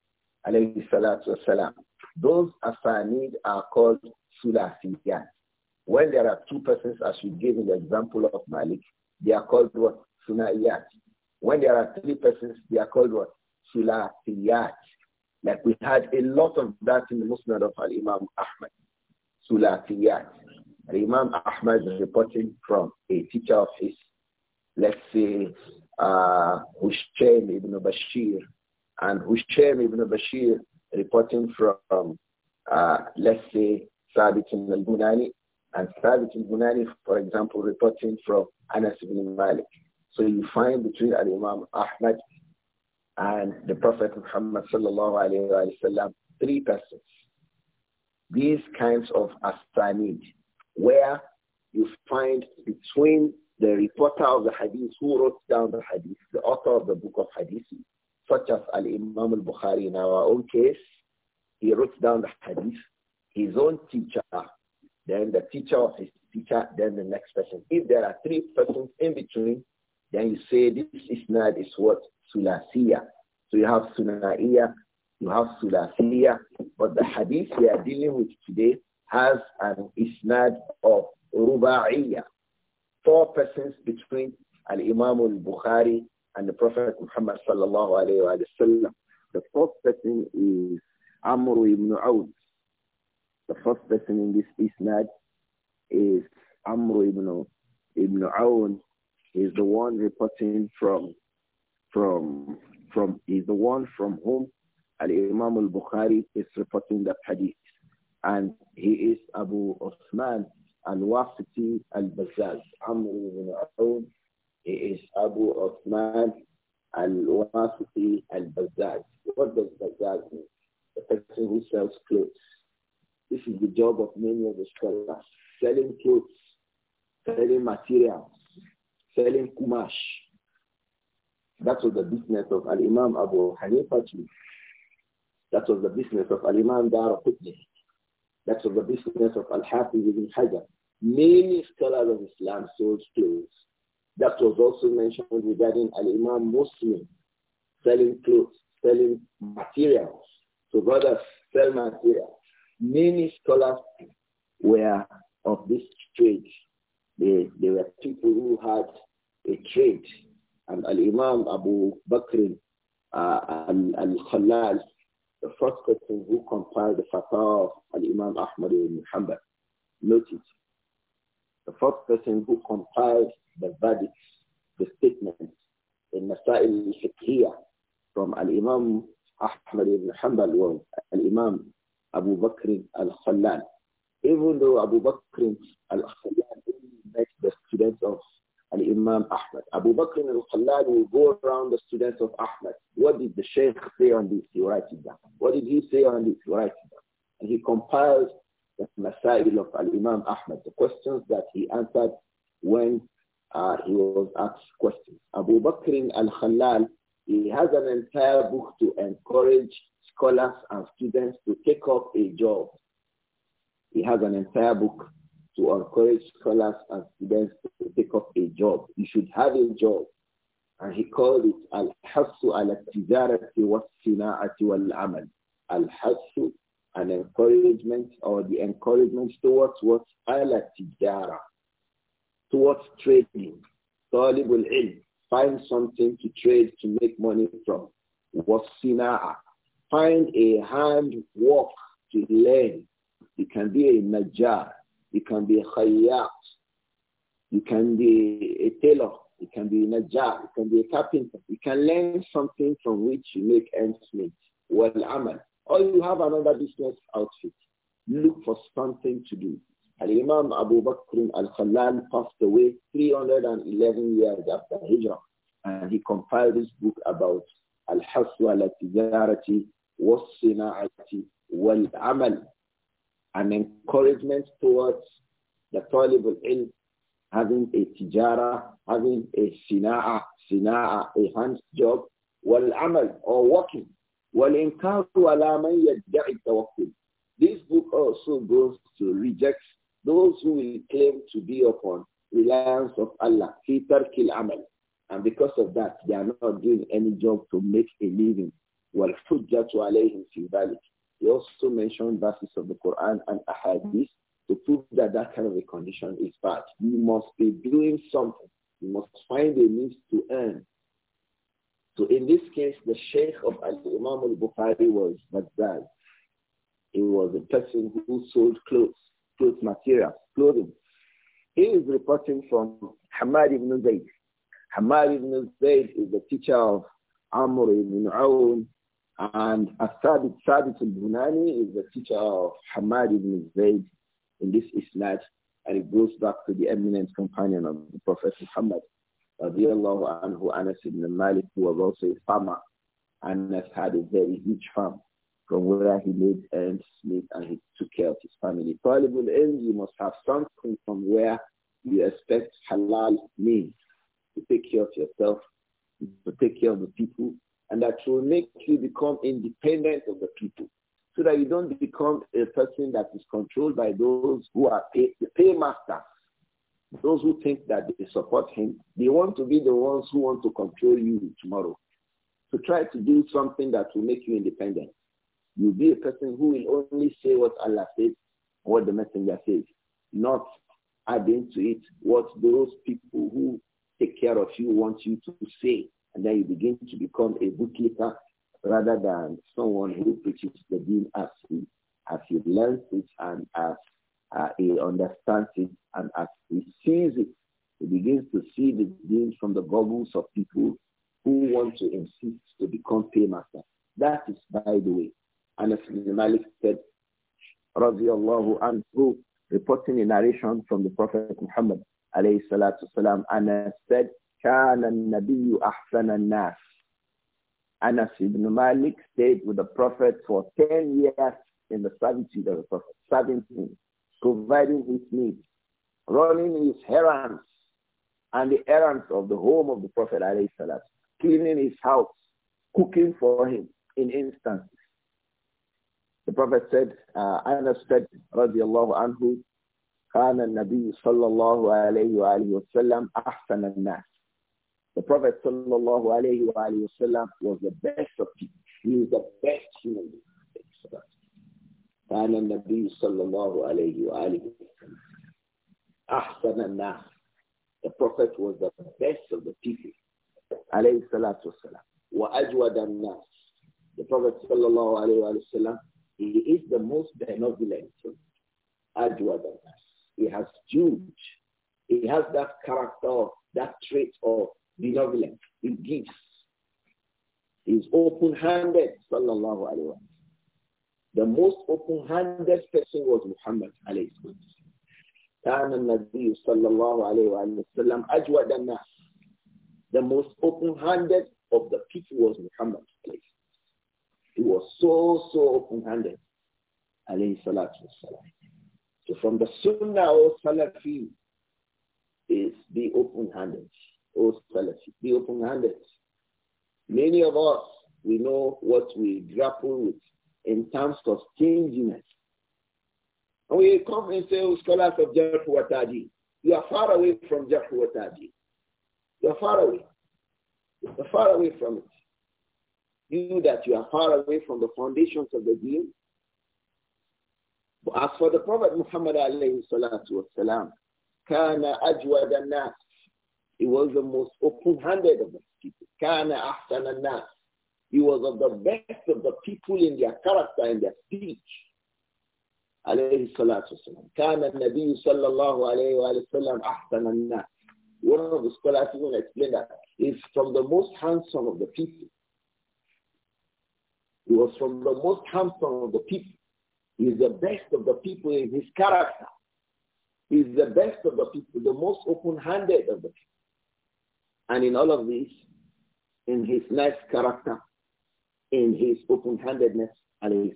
alayhi salatu wasalam. Those asanid are called sulasiyat. When there are two persons, as we gave in the example of Malik, they are called what? Sunayat. When there are three persons, they are called what? Sulasiyat. Like we had a lot of that in the Musnad of Al-Imam Ahmad, Sulatiyat. Al-Imam Ahmad is reporting from a teacher of his, let's say, uh, Hushaym ibn Bashir, and Hushaym ibn Bashir reporting from, uh, let's say, Sabit al-Bunani, and Sabit al-Bunani, for example, reporting from Anas ibn Malik. So you find between Al-Imam Ahmad and the Prophet Muhammad sallallahu alayhi wasallam, three persons. These kinds of astanid, where you find between the reporter of the hadith who wrote down the hadith, the author of the book of hadith, such as Al-Imam al-Bukhari in our own case, he wrote down the hadith, his own teacher, then the teacher of his teacher, then the next person. If there are three persons in between, then you say this isnad is what sulasiya. So you have sunaiya, you have sulasiya, but the hadith we are dealing with today has an isnad of ruba'iyya. Four persons between al-Imam al-Bukhari and the Prophet Muhammad sallallahu alayhi wa sallam. The fourth person is Amr ibn Awd. The first person in this isnad is Amr ibn, ibn He is the one reporting from from from is the one from whom Al Imam Al Bukhari is reporting that hadith, and he is Abu Osman Al Wafiti Al Bazaz Amr ibn Aoun. He is Abu Osman Al Wafiti Al Bazaz. What does Bazaz mean? The person who sells clothes. This is the job of many of the scholars: selling clothes, selling materials, selling kumash. That was the business of Al-Imam Abu Hanifa too. That was the business of Al-Imam Dar Qutni. That was the business of Al-Hafiz ibn Hajar. Many scholars of Islam sold clothes. That was also mentioned regarding Al-Imam Muslim selling clothes, selling materials. So brothers, sell materials. Many scholars were of this trade. They, they were people who had a trade and Al-Imam Abu Bakr uh, Al-Khalal, the first person who compiled the fatwa of imam Ahmad ibn Muhammad, note it. The first person who compiled the verdicts, the statements in Masail al-Fiqhiyah from imam Ahmad ibn Hanbal was Al-Imam Abu Bakr al-Khalal. Even though Abu Bakr al-Khalal met the students of and Imam Ahmad. Abu Bakr al-Khallal will go around the students of Ahmad. What did the Shaykh say on this? He writes it down. What did he say on this? He writes it down. And he compiles the Masail of Al-Imam Ahmad, the questions that he answered when uh, he was asked questions. Abu Bakr al-Khallal, he has an entire book to encourage scholars and students to take up a job. He has an entire book to encourage scholars and students to take up a job. You should have a job. And he called it al-hassu al-tijarati wa-sina'ati wal-amal. Al-hassu, an encouragement or the encouragement towards what? Al-tijara, towards trading. Talib al-ilm, find something to trade to make money from. Was-sina'a, find a hand work to learn. It can be a najar, you can be a khayyat. You can be a tailor. You can be a najjar. You can be a carpenter. You can learn something from which you make ends meet. Well, amal. Or you have another business outfit. Look for something to do. Al-Imam Abu Bakr al-Khalal passed away 311 years after Hijrah. And he compiled this book about al-Haswa al-Tijarati was-Sina'ati wal-Amal an encouragement towards the Talibul in having a tijara, having a sina'a, sina'a, a hands job, wal amal, or working, wal inkaru ala man yadda'i tawakkul. This book also goes to reject those who will claim to be upon reliance of Allah, fi tarkil amal. And because of that, they are not doing any job to make a living. Wal hujjatu alayhim fi dhalik. He also mentioned verses of the Quran and Ahadith to prove that that kind of a condition is bad. You must be doing something. You must find a means to earn. So in this case, the Sheikh of imam al-Bukhari was Baghdad. He was a person who sold clothes, clothes materials, clothing. He is reporting from Hamad ibn Zayd. Hamad ibn Zayd is the teacher of Amr ibn Aoun and Asad Thabit Ibn bunani is the teacher of Hamad ibn Zayd in this Isnad, and it goes back to the eminent companion of the Prophet Muhammad, radiallahu anhu, Anas ibn Malik, who was also a farmer. Anas had a very huge farm from where he made ends meet and he took care of his family. Probably ends, you must have something from where you expect halal means to take care of yourself, to take care of the people, and that will make you become independent of the people so that you don't become a person that is controlled by those who are pay, the paymasters, those who think that they support him. They want to be the ones who want to control you tomorrow. So try to do something that will make you independent. You'll be a person who will only say what Allah says, what the messenger says, not adding to it what those people who take care of you want you to say. And then you begin to become a bookkeeper rather than someone who preaches the deen as he, as he learns it and as uh, he understands it and as he sees it. He begins to see the dreams from the goggles of people who want to insist to become paymaster. That is, by the way, and ibn Malik said, and through reporting a narration from the Prophet Muhammad, alayhi salatu salam, said, كان النبي أحسن الناس Anas ibn Malik stayed with the Prophet for 10 years in the servitude of the Prophet, serving him, providing his needs, running his errands and the errands of the home of the Prophet, salam, cleaning his house, cooking for him in instances. The Prophet said, uh, Anas said, radiallahu anhu, كان النبي صلى الله عليه وآله وسلم أحسن الناس the Prophet sallallahu alayhi wa, alayhi wa sallam, was the best of people. He is the best human being. كان النبي صلى الله عليه وآله أحسن الناس The Prophet was the best of the people عليه الصلاة والسلام وأجود الناس The Prophet صلى الله عليه وآله وسلم He is the most benevolent أجود الناس He has huge. He has that character, that trait of Beloved, He gives. He's open-handed, sallallahu alayhi wa The most open-handed person was Muhammad, alayhi wa كان النبي صلى الله عليه وآله وسلم أجود الناس. The most open-handed of the people was Muhammad, He was so, so open-handed, alayhi salatu wasalam. So from the Sunnah or Salafi is be open-handed. Be open-handed. Many of us, we know what we grapple with in terms of stinginess, And we come and say, oh, scholars of Jarh you are far away from Jarh wa Taji. You are far away. You are far away from it. You that you are far away from the foundations of the deen. But as for the Prophet Muhammad alayhi salatu wasalam, كان أجود الناس he was the most open-handed of the people. He was of the best of the people in their character and their speech. عليه الصلاة والسلام. كان النبي صلى الله عليه وآله وسلم أحسن الناس. One of the scholars even explained that he's from the most handsome of the people. He was from the most handsome of the people. He's the best of the people in his character. He's the best of the people, the most open-handed of the people. And in all of this, in his nice character, in his open-handedness, alayhi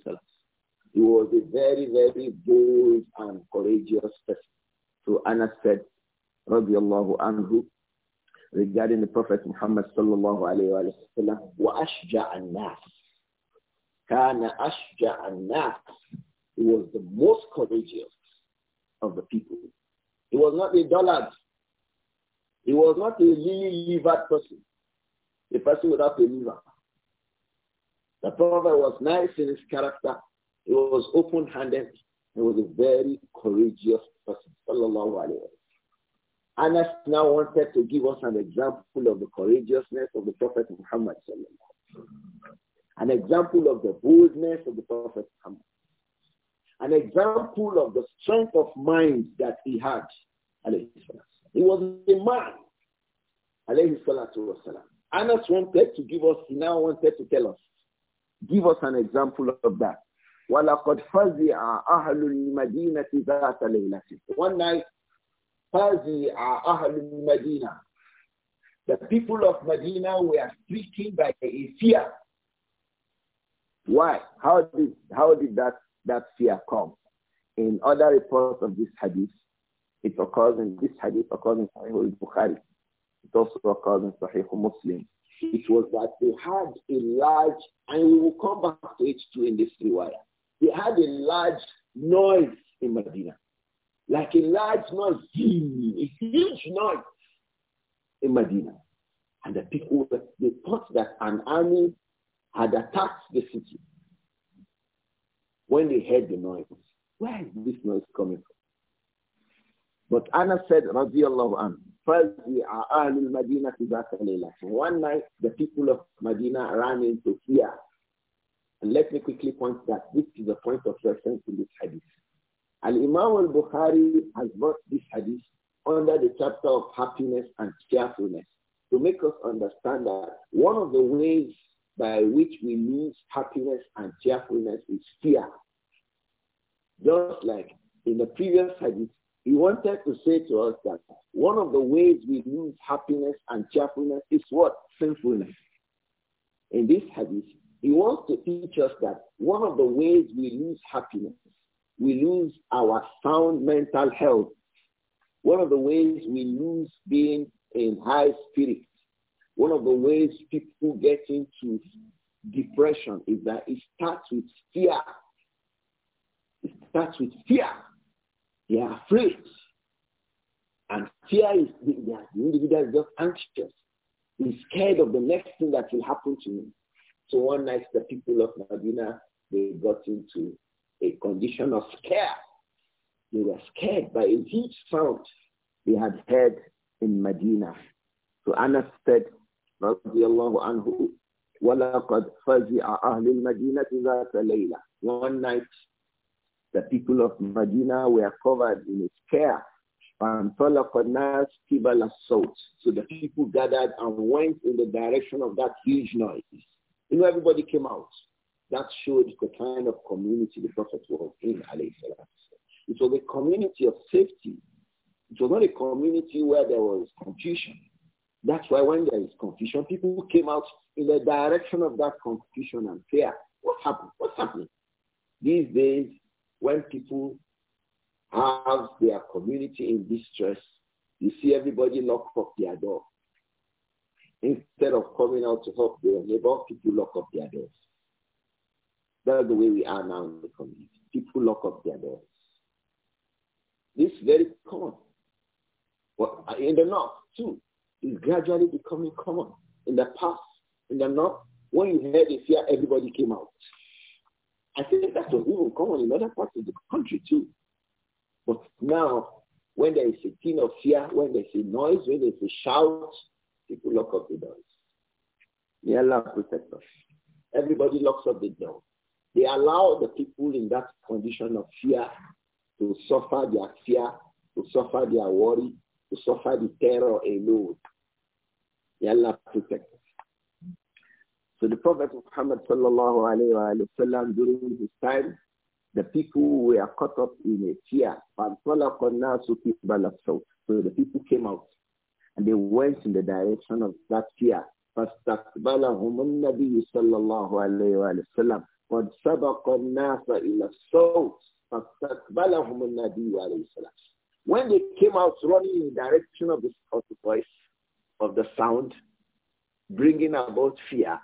He was a very, very bold and courageous person. So Anas said, radiallahu anhu, regarding the Prophet Muhammad sallallahu alayhi wa sallam, He was the most courageous of the people. He was not a dullard. He was not a lily-livered person, a person without a liver. The Prophet was nice in his character. He was open-handed. He was a very courageous person. Sallallahu alayhi wa Anas now wanted to give us an example of the courageousness of the Prophet Muhammad An example of the boldness of the Prophet Muhammad. An example of the strength of mind that he had alayhi he was a man. Alayhi salatu wasalam. Anas wanted to give us, he now wanted to tell us. Give us an example of that. وَلَقَدْ فَزِعَ أَهْلُ الْمَدِينَةِ ذَاتَ لَيْلَةٍ One night, فَزِعَ أَهْلُ الْمَدِينَةِ The people of Medina were stricken by a fear. Why? How did, how did that, that fear come? In other reports of this hadith, it occurs in this hadith occurs in Sahih al-Bukhari. It also occurs in Sahih Muslim. It was that they had a large, and we will come back to H2 in this rewire. They had a large noise in Medina, like a large noise, a huge noise in Medina. And the people, they thought that an army had attacked the city. When they heard the noise, where is this noise coming from? But Anas said, radiallahu anhu, فَزِعَ أَهْلُ الْمَدِينَةِ ذَاتَ So One night, the people of Medina ran into fear. And let me quickly point that this is a point of reference in this hadith. Al-Imam al-Bukhari has brought this hadith under the chapter of happiness and cheerfulness to make us understand that one of the ways by which we lose happiness and cheerfulness is fear. Just like in the previous hadith, he wanted to say to us that one of the ways we lose happiness and cheerfulness is what? Sinfulness. In this hadith, he wants to teach us that one of the ways we lose happiness, we lose our sound mental health. One of the ways we lose being in high spirits. One of the ways people get into depression is that it starts with fear. It starts with fear they are afraid. And fear is, the, the individual is just anxious. He's scared of the next thing that will happen to him. So one night the people of Medina, they got into a condition of scare. They were scared by a huge sound they had heard in Medina. So Anas said, radiallahu anhu, وَلَقَدْ فَزِعَ أَهْلِ الْمَدِينَةِ ذَاتَ لَيْلَةٍ One night the people of Medina were covered in a scare. So the people gathered and went in the direction of that huge noise. You know, everybody came out. That showed the kind of community the Prophet was in, It was a community of safety. It was not a community where there was confusion. That's why when there is confusion, people came out in the direction of that confusion and fear. What happened? What's happening? These days, when people have their community in distress, you see everybody lock up their door. Instead of coming out to help their neighbor, people lock up their doors. That's the way we are now in the community. People lock up their doors. This is very common. Well, in the north, too, is gradually becoming common. In the past, in the north, when you heard a fear, everybody came out. I think that was even common in other parts of the country too. But now, when there is a thing of fear, when there is a noise, when there is a shout, people lock up the doors. They allow protectors. Everybody locks up the door. They allow the people in that condition of fear to suffer their fear, to suffer their worry, to suffer the terror alone. They allow protect so the Prophet Muhammad sallallahu alayhi wa sallam during his time, the people were caught up in a fear. So the people came out and they went in the direction of that fear. فاستقبلهم النبي صلى الله عليه وآله وسلم قد سبق الناس إلى الصوت فاستقبلهم النبي عليه السلام When they came out running in the direction of the, of the voice, of the sound, bringing about fear,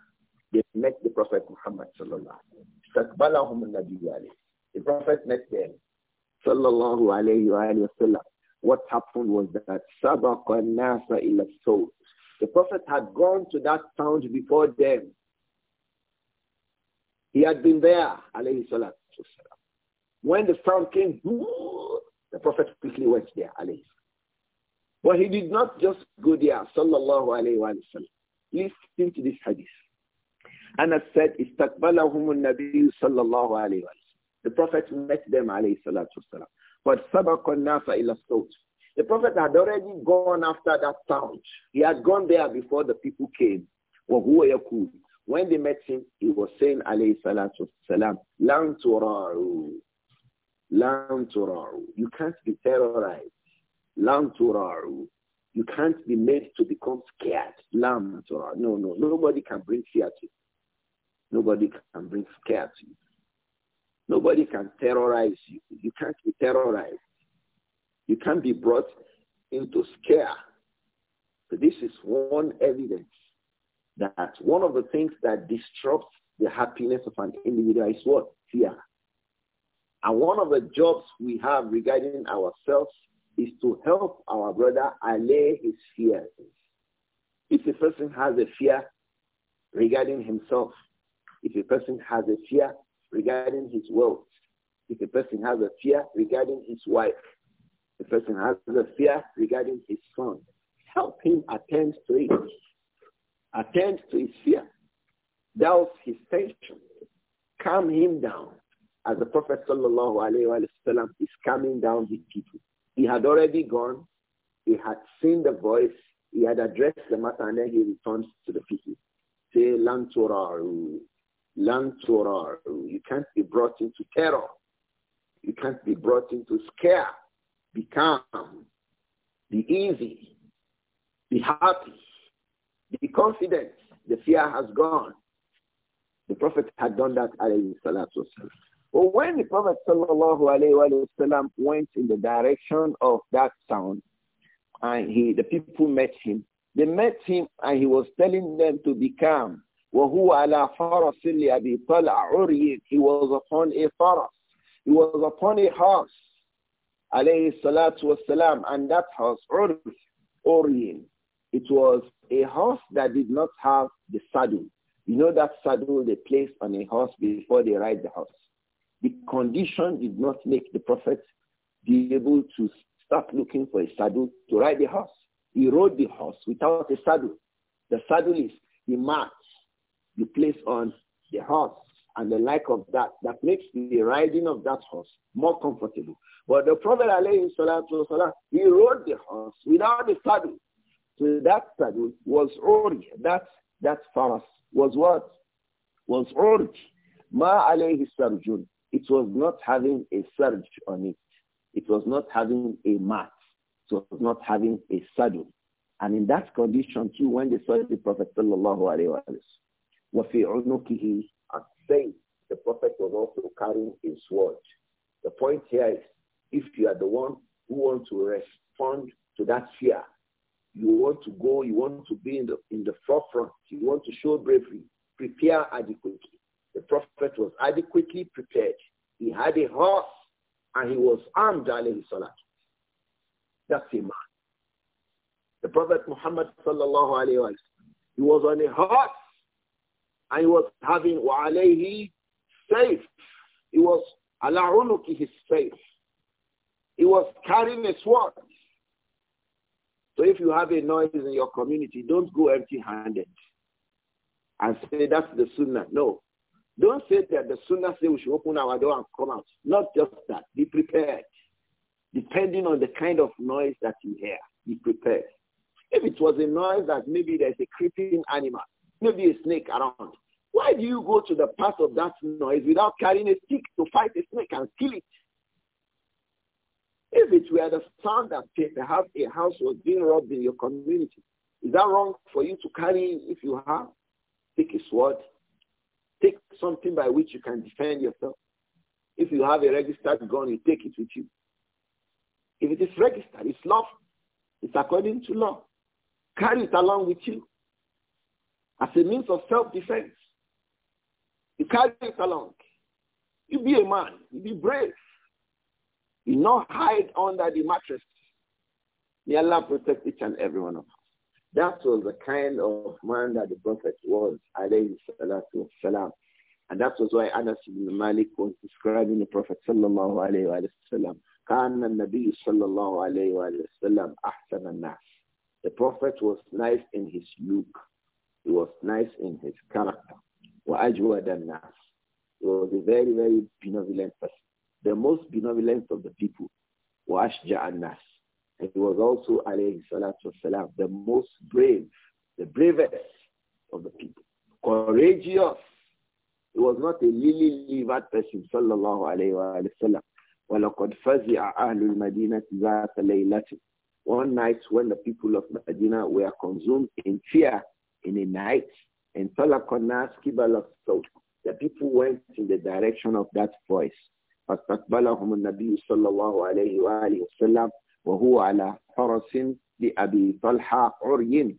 they met the Prophet Muhammad sallallahu alaihi wasallam. The Prophet met them sallallahu alaihi wasallam. What happened was that sabaqa nasa ila The Prophet had gone to that town before them. He had been there alayhi salatu When the sound came, the Prophet quickly went there alayhi But he did not just go there sallallahu alaihi wasallam. Listen to this hadith. Anas said, Istakbalahum Nabi sallallahu alayhi wa The Prophet met them alayhi salatu wasalam. But sabakun nasa ila The Prophet had already gone after that town. He had gone there before the people came. When they met him, he was saying alayhi salatu wasalam, Lan turaru. Lan turaru. You can't be terrorized. Lan turaru. You can't be made to become scared. Lam No, no. Nobody can bring fear to you. Nobody can bring scare to you. Nobody can terrorize you. You can't be terrorized. You can't be brought into scare. this is one evidence that one of the things that disrupts the happiness of an individual is what? Fear. And one of the jobs we have regarding ourselves is to help our brother allay his fears. If a person has a fear regarding himself, if a person has a fear regarding his wealth, if a person has a fear regarding his wife, a person has a fear regarding his son, help him attend to it. Attend to his fear. Douse his tension. Calm him down. As the Prophet wasallam wa is calming down his people. He had already gone. He had seen the voice. He had addressed the matter and then he returns to the people. Say, Lanturar. You can't be brought into terror. You can't be brought into scare. Be calm. Be easy. Be happy. Be confident. The fear has gone. The Prophet had done that, alayhi salatu when the Prophet sallallahu alayhi wasallam went in the direction of that sound, and he, the people met him, they met him and he was telling them to be calm. وَهُوَ عَلَى فَرَسٍ لِأَبِي طَلْعَ عُرْيٍ He was upon a faras. He was upon a horse. Alayhi salatu wasalam. And that horse, Urj, Uryin, it was a horse that did not have the saddle. You know that saddle they place on a horse before they ride the horse. The condition did not make the prophet be able to start looking for a saddle to ride the horse. He rode the horse without a saddle. The saddle is the mark you place on the horse and the like of that that makes the riding of that horse more comfortable. But the Prophet والسلام, he rode the horse without the saddle. So that saddle was ori. That that faras was what? Was ori. Ma alayhi sarjun. It was not having a surge on it. It was not having a mat. It was not having a saddle. And in that condition too, when they saw the Prophet sallallahu Alaihi Wasallam. وَفِي عُنُقِهِ السَّيْفِ The Prophet was also carrying a sword. The point here is, if you are the one who wants to respond to that fear, you want to go, you want to be in the, in the forefront, you want to show bravery, prepare adequately. The Prophet was adequately prepared. He had a horse and he was armed, alayhi salatu. That's a man. The Prophet Muhammad sallallahu alayhi wa he was on a horse and he was having وَعَلَيْهِ safe. He was ala unuki his safe. He was carrying a sword. So if you have a noise in your community, don't go empty-handed and say that's the sunnah. No. Don't say that the sunnah say we should open our door and come out. Not just that. Be prepared. Depending on the kind of noise that you hear, be prepared. If it was a noise that maybe there's a creeping animal, maybe a snake around. Why do you go to the path of that noise without carrying a stick to fight a snake and kill it? If it were the sound that perhaps a house was being robbed in your community, is that wrong for you to carry if you have? Take a sword. Take something by which you can defend yourself. If you have a registered gun, you take it with you. If it is registered, it's law. It's according to law. Carry it along with you as a means of self-defense. You carry it along. You be a man. You be brave. You not hide under the mattress. May Allah protect each and every one of us. That was the kind of man that the Prophet was, alayhi salatu wasalam. And that was why Anas ibn Malik was describing the Prophet sallallahu alayhi wa sallam. كان النبي صلى The Prophet was nice in his look. He was nice in his character. وَأَجْوَدَ He was a very, very benevolent person. The most benevolent of the people. was النَّاسِ And he was also, alayhi salatu salam. the most brave, the bravest of the people. Courageous. He was not a lily-livered person, sallallahu alayhi wa sallam. One night when the people of Medina were consumed in fear, in the night, and Talakonas Kibal of The people went in the direction of that voice. فاستقبلهم النبي صلى الله عليه وآله وسلم وهو على فرس لأبي طلحة عري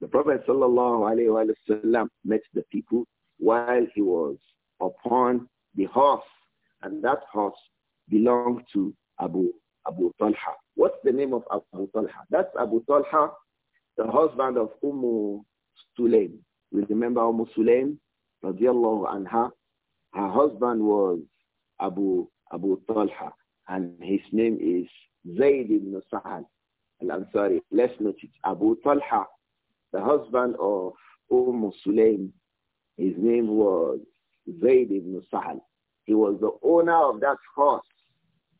The Prophet صلى الله عليه وآله وسلم met the people while he was upon the horse and that horse belonged to Abu Abu Talha. What's the name of Abu Talha? That's Abu Talha, the husband of Umm Sulaim. We remember Umm Sulaim, radiallahu anha. Her husband was Abu, Abu Talha, and his name is Zayd ibn Sahal am sorry. Let's note it. Abu Talha, the husband of Umm Sulaim, his name was Zayd ibn Sahal. He was the owner of that horse.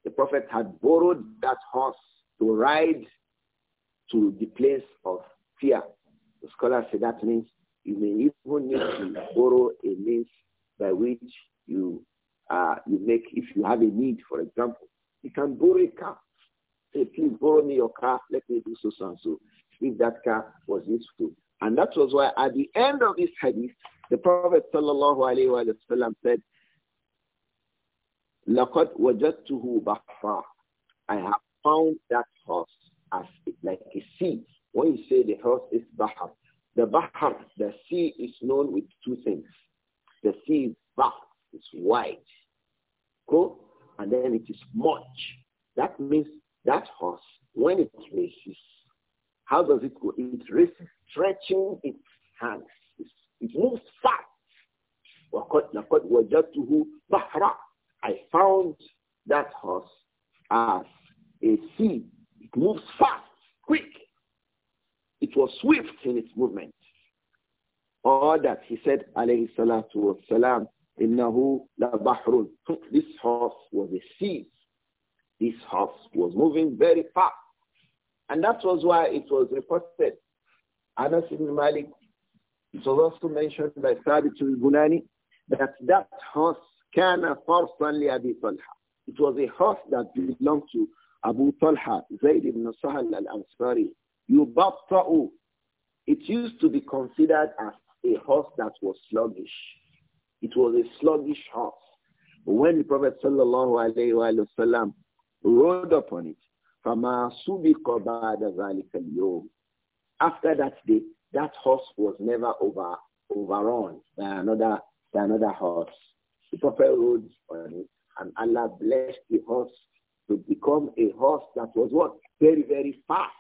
The Prophet had borrowed that horse to ride to the place of fear Scholars say that means you may even need to borrow a means by which you uh, you make if you have a need, for example. You can borrow a car. Say, please borrow me your car, let me do so, so and so. If that car was useful. And that was why at the end of this hadith, the Prophet sallallahu alayhi wa sallam said, لَقَدْ وَجَدْتُهُ بَحْرًا I have found that horse as like a seed. When you say the horse is bahar, the bahar, the sea is known with two things. The sea is bah, it's wide, cool, and then it is much. That means that horse, when it races, how does it go? It races stretching its hands. It, it moves fast. I found that horse as a sea. It moves fast, quick. It was swift in its movement. Or that he said, alayhi salatu hu innahu labahrun. This horse was a sea. This horse was moving very fast. And that was why it was reported. Anas ibn Malik, it was also mentioned by Thabit al-Bunani, that that horse, kana farsan li Abi Talha. It was a horse that belonged to Abu Talha, Zayd ibn Sahal al-Ansari, Yubatta'u. It used to be considered as a horse that was sluggish. It was a sluggish horse. When the Prophet sallallahu alayhi wa sallam rode upon it, from سُبِقَ بَعْدَ ذَلِكَ After that day, that horse was never over overrun by another by another horse. The Prophet rode on it, and Allah blessed the horse to become a horse that was what? Very, very fast.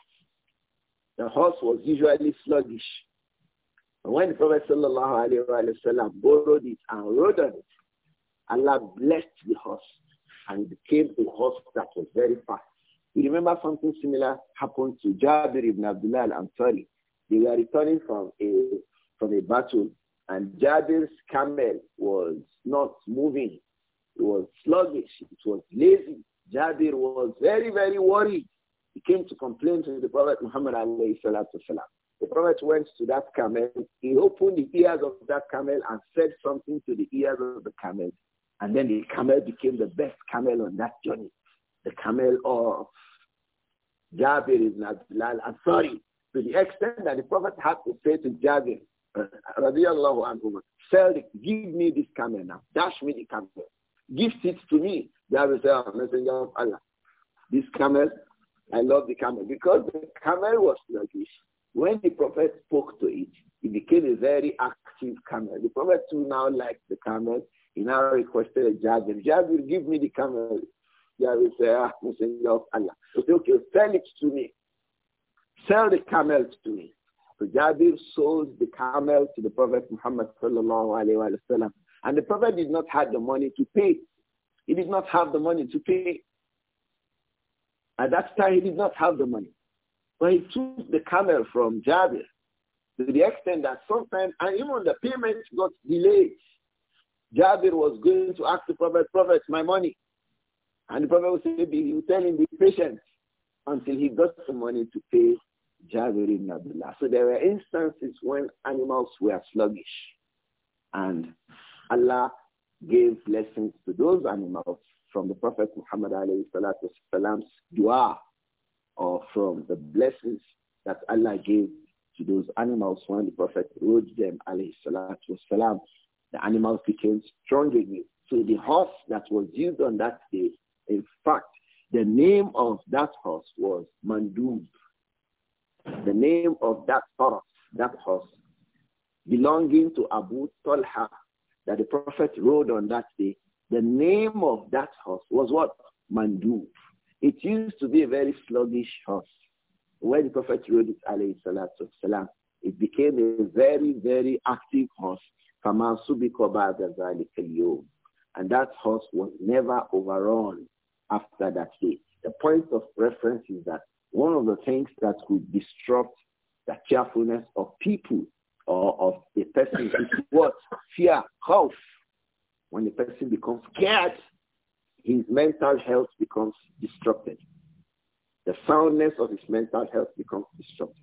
The horse was usually sluggish. And when the Prophet wasallam borrowed it and rode on it, Allah blessed the horse and became a horse that was very fast. You remember something similar happened to Jabir ibn Abdullah al-Ansari. They were returning from a, from a battle and Jabir's camel was not moving. It was sluggish. It was lazy. Jabir was very, very worried. He came to complain to the Prophet Muhammad alayhi salatu salam. The Prophet went to that camel. He opened the ears of that camel and said something to the ears of the camel. And then the camel became the best camel on that journey. The camel of Jabir ibn Abdullah al-Ansari. To the extent that the Prophet had to say to Jabir, uh, radiallahu anhu, sell it, give me this camel now, dash me the camel. Give it to me. Jabir said, oh, Messenger of Allah, this camel I love the camel because the camel was sluggish. When the prophet spoke to it, it became a very active camel. The prophet too now liked the camel. He now requested a Jabir. Jabir, give me the camel. Jabir said, ah, Messenger of Allah. So said, okay, sell it to me. Sell the camel to me. So Jabir sold the camel to the Prophet Muhammad sallallahu And the Prophet did not have the money to pay. He did not have the money to pay. At that time, he did not have the money. But he took the camel from Jabir to the extent that sometimes, and even the payment got delayed. Jabir was going to ask the Prophet, Prophet, my money. And the Prophet would say, he would tell him, be patient until he got the money to pay Jabir in Abdullah. So there were instances when animals were sluggish. And Allah gave blessings to those animals from the Prophet Muhammad alayhi salatu dua or from the blessings that Allah gave to those animals when the Prophet rode them alayhi The animals became strong again. So the horse that was used on that day, in fact, the name of that horse was Mandub. The name of that horse, that horse, belonging to Abu Talha, that the Prophet rode on that day, the name of that horse was what? Mandu. It used to be a very sluggish horse. When the Prophet rode it, alayhi salatu salam, it became a very, very active horse. And that horse was never overrun after that day. The point of reference is that one of the things that could disrupt the cheerfulness of people or of a person is what? Fear, house. When a person becomes scared, his mental health becomes disrupted. The soundness of his mental health becomes disrupted.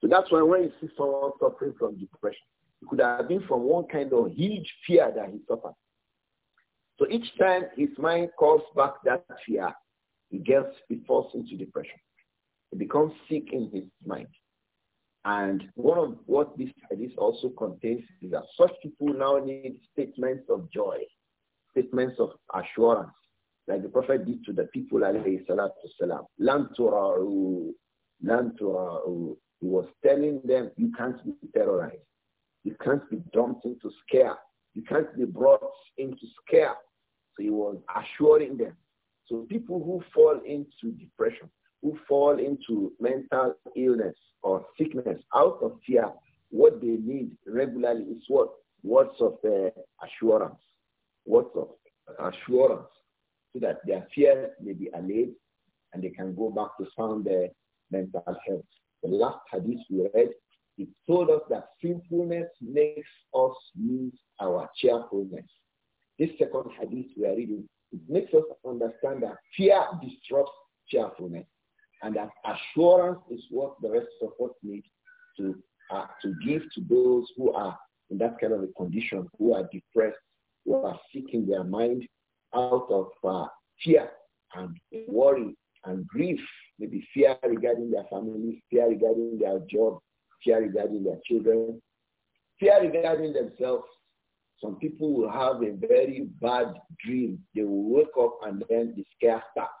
So that's why when you see someone suffering from depression, it could have been from one kind of huge fear that he suffered. So each time his mind calls back that fear, he gets, he falls into depression. He becomes sick in his mind. And one of what this this also contains is that such people now need statements of joy, statements of assurance, like the Prophet did to the people, alayhi salatu salam. He was telling them, you can't be terrorized. You can't be dumped into scare. You can't be brought into scare. So he was assuring them. So people who fall into depression, who fall into mental illness or sickness out of fear, what they need regularly is what? Words of uh, assurance. Words of assurance so that their fears may be allayed and they can go back to sound their uh, mental health. The last hadith we read, it told us that sinfulness makes us lose our cheerfulness. This second hadith we are reading, it makes us understand that fear disrupts cheerfulness. And that assurance is what the rest of us need to, uh, to give to those who are in that kind of a condition, who are depressed, who are seeking their mind out of uh, fear and worry and grief, maybe fear regarding their families, fear regarding their job, fear regarding their children, fear regarding themselves. Some people will have a very bad dream. They will wake up and then the scare starts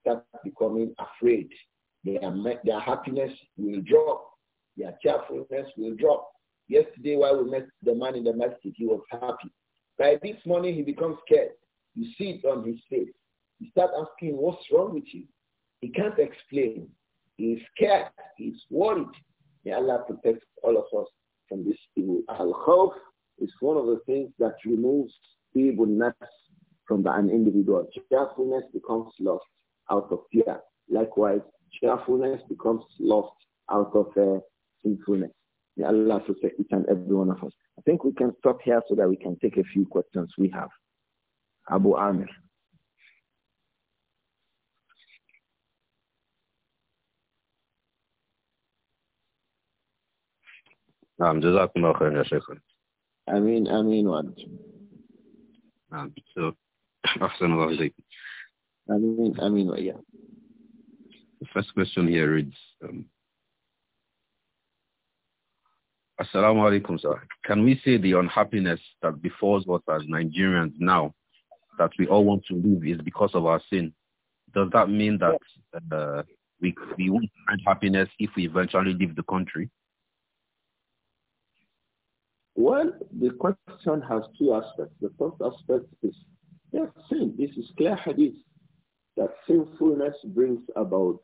start becoming afraid. Their, their happiness will drop. Their cheerfulness will drop. Yesterday, while we met the man in the market, he was happy. By this morning, he becomes scared. You see it on his face. You start asking, what's wrong with you? He can't explain. He's scared. He's worried. May Allah protect all of us from this evil. Al-Khawf is one of the things that removes evil from an individual. Cheerfulness becomes lost out of fear. Likewise, cheerfulness becomes lost out of uh, sinfulness. May Allah protect each and every one of us. I think we can stop here so that we can take a few questions we have. Abu Amir. نعم جزاكم الله خيرا يا شيخنا امين امين وانتم نعم احسن الله اليكم I mean, I mean, yeah. The first question here reads, um, Assalamu alaikum, sir. Can we say the unhappiness that befalls us as Nigerians now that we all want to live is because of our sin? Does that mean that uh, we, we won't find happiness if we eventually leave the country? Well, the question has two aspects. The first aspect is, yes, sin. This is clear hadith that sinfulness brings about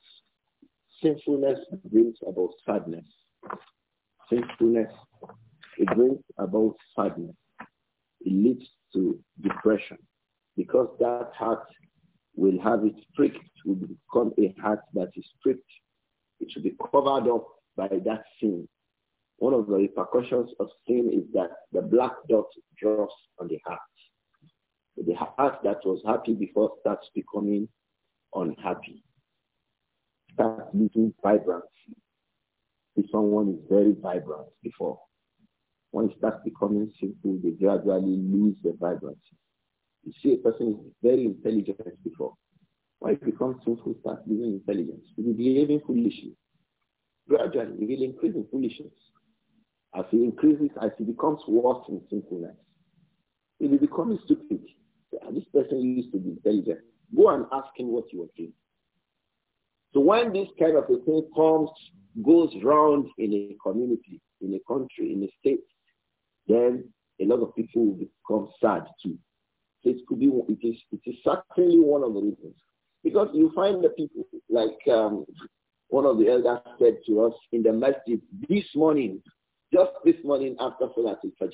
sinfulness brings about sadness. Sinfulness it brings about sadness. It leads to depression because that heart will have it pricked, will become a heart that is pricked. It should be covered up by that sin. One of the repercussions of sin is that the black dot drops on the heart. The heart that was happy before starts becoming unhappy. Start losing vibrancy. If someone is very vibrant before, when it starts becoming simple, they gradually lose their vibrancy. You see, a person is very intelligent before. Why it becomes simple, start losing intelligence. He will be behaving foolishly. Gradually, he will increase in foolishness. As he increases, as he becomes worse in simpler. he will become stupid. This person used to be intelligent Go and ask him what he was doing. So when this kind of a thing comes, goes round in a community, in a country, in a state, then a lot of people will become sad too. So it could be, it is, it is certainly one of the reasons. Because you find the people, like um, one of the elders said to us in the masjid this morning, just this morning after Salat al-Fajr,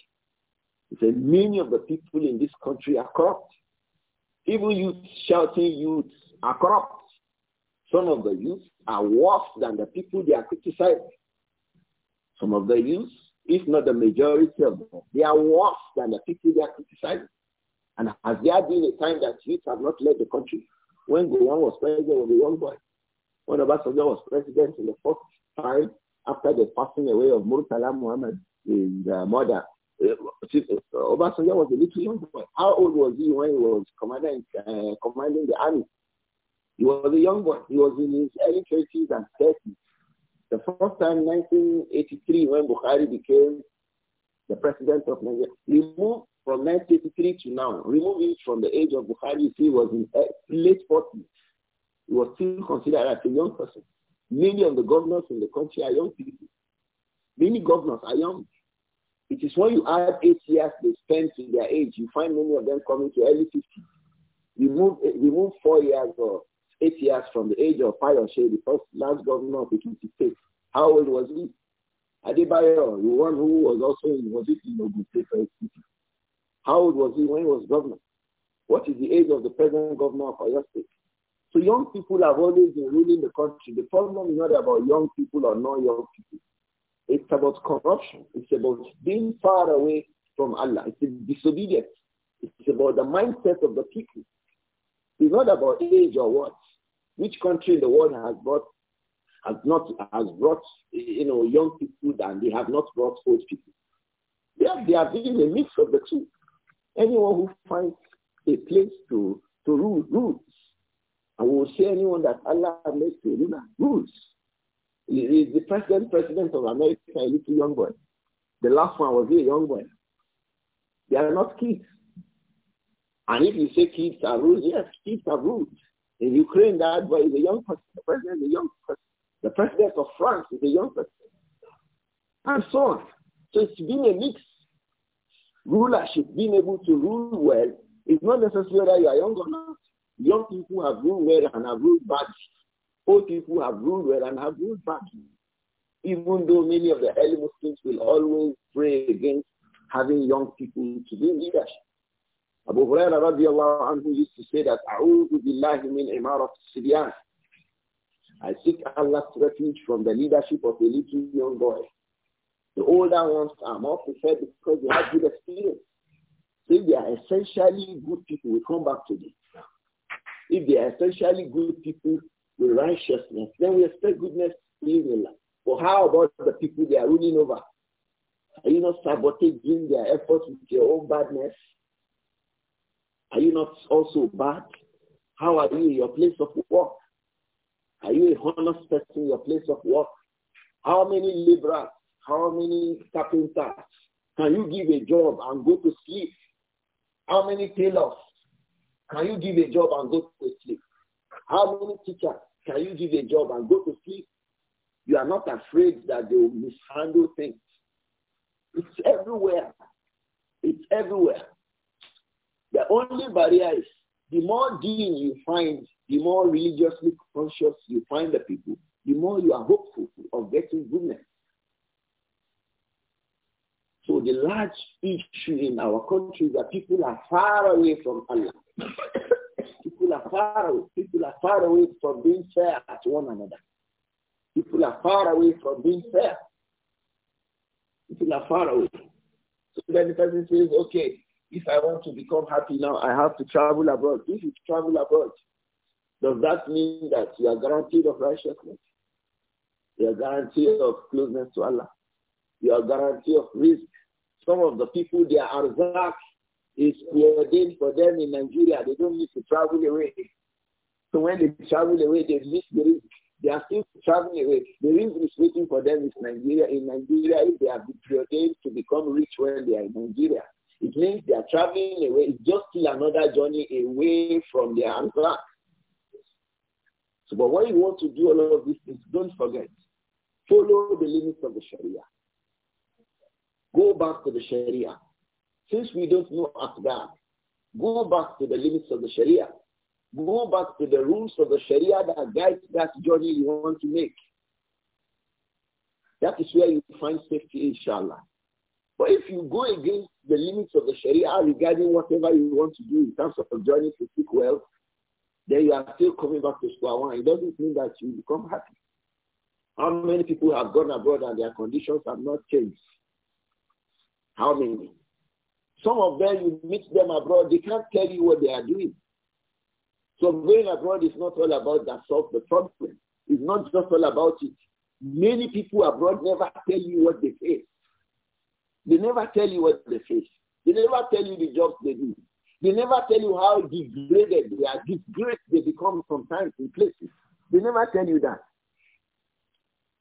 he said, many of the people in this country are corrupt. Even youth shouting youths are corrupt. Some of the youths are worse than the people they are criticizing. Some of the youths, if not the majority of them, they are worse than the people they are criticizing. And has there been a time that youth have not led the country? When Gowan was president was a young boy. When Obasanjo was president in the first time after the passing away of Murtala Muhammad, his uh, mother, uh, Obasanjo was a little young boy. How old was he when he was commanding, uh, commanding the army? He was a young boy. He was in his early 30s and 30s. The first time, 1983, when Buhari became the president of Nigeria, removed from 1983 to now, removing from the age of Buhari, he was in late 40s. He was still considered as a young person. Many of the governors in the country are young people. Many governors are young. It is when you add eight years they spend to their age, you find many of them coming to early 50. You move, remove four years or eight years from the age of fire Shea, the first last governor of Ekiti State. How old was he? Adebayo, the one who was also in, was it in Ogun State or How old was he when he was governor? What is the age of the present governor of Oyo State? So young people have always been ruling the country. The problem is not about young people or non-young people. It's about corruption. It's about being far away from Allah. It's disobedience. It's about the mindset of the people. It's not about age or what. Which country in the world has brought has not has brought you know young people and they have not brought old people. They are they are being a mix of the two. Anyone who finds a place to to rule rules. I will say anyone that Allah makes a ruler rules. Is the president president of America a little young boy? The last one was a young boy. They are not kids. And if you say kids are rules, yes, kids are rules. In Ukraine, that boy is a young person. The president is a young person. The president of France is a young person. And so on. So it's been a mix. Rulership, being able to rule well, is not necessarily whether you are young or not. Young people have ruled well and have ruled badly. Both people have ruled well and have ruled badly. Even though many of the early Muslims will always pray against having young people to be leadership. Abu Huraira radiallahu anhu used to say that, أعوذ بالله من إمارة السبيان. I seek Allah's refuge from the leadership of a little young boy. The older ones are more prepared because they have good experience. If they are essentially good people, we come back to this. If they are essentially good people, with righteousness, then we expect goodness to live in life. But how about the people they are ruling over? Are you not sabotaging their efforts with your own badness? Are you not also bad? How are you in your place of work? Are you a honest person in your place of work? How many laborers? How many carpenters? Can you give a job and go to sleep? How many tailors? Can you give a job and go to sleep? How many teachers? Can you give a job and go to sleep? You are not afraid that they will mishandle things. It's everywhere. It's everywhere. The only barrier is the more dean you find, the more religiously conscious you find the people, the more you are hopeful of getting goodness. So the large issue in our country is that people are far away from Allah. [COUGHS] People are far away. People are far away from being fair to one another. People are far away from being fair. People are far away. So then the person says, okay, if I want to become happy now, I have to travel abroad. If you travel abroad, does that mean that you are guaranteed of righteousness? You are guaranteed of closeness to Allah. You are guaranteed of risk. Some of the people, they are arzak is preordained for them in Nigeria. They don't need to travel away. So when they travel away, they miss the ring. They are still traveling away. The ring is waiting for them is Nigeria. In Nigeria, if they have been preordained to become rich when they are in Nigeria, it means they are traveling away. It's just still another journey away from their answer. So, but what you want to do all of this is don't forget. Follow the limits of the Sharia. Go back to the Sharia since we don't know Aqdar, go back to the limits of the Sharia. Go back to the rules of the Sharia that guide that journey you want to make. That is where you find safety, inshallah. But if you go against the limits of the Sharia regarding whatever you want to do in terms of journey to seek wealth, then you are still coming back to square one. It doesn't mean that you become happy. How many people have gone abroad and their conditions have not changed? How many? Some of them, you meet them abroad, they can't tell you what they are doing. So going abroad is not all about that solve the problem. It's not just all about it. Many people abroad never tell you what they face. They never tell you what they face. They never tell you the jobs they do. They never tell you how degraded they are, disgraced they become sometimes in places. They never tell you that.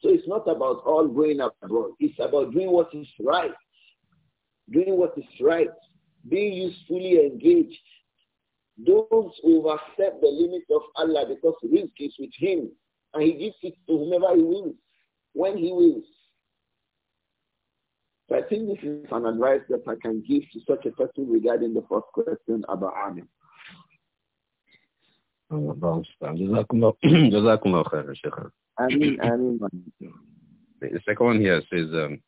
So it's not about all going abroad. It's about doing what is right doing what is right, being usefully engaged. Don't overstep the limits of Allah because risk is with him and he gives it to whomever he wills, when he wills. So I think this is an advice that I can give to such a person regarding the first question about Ami. [CLEARS THROAT] the second one here says, um,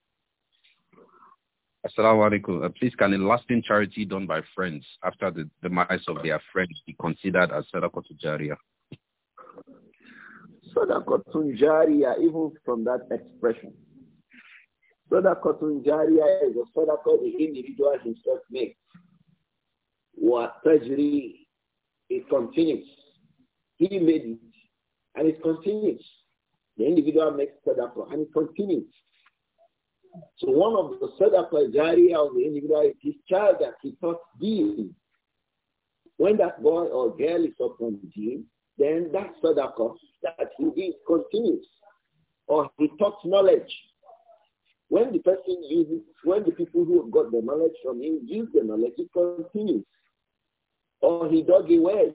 Assalamu alaikum. Uh, please can a lasting charity done by friends after the demise of their friends be considered as sadaqatul jariyah? Sadaqatul jariyah, even from that expression. Sadaqatul jariyah is a sadaqah the individual himself makes. What tajri, it continues. He made it, and it continues. The individual makes sadaqah, and it continues. So one of the sadaqah jariyah of the individual is his child that he taught deen. When that boy or girl is upon deen, then that sadaqah that he did continues. Or he taught knowledge. When the person uses, when the people who got the knowledge from him use the knowledge, it continues. Or he dug away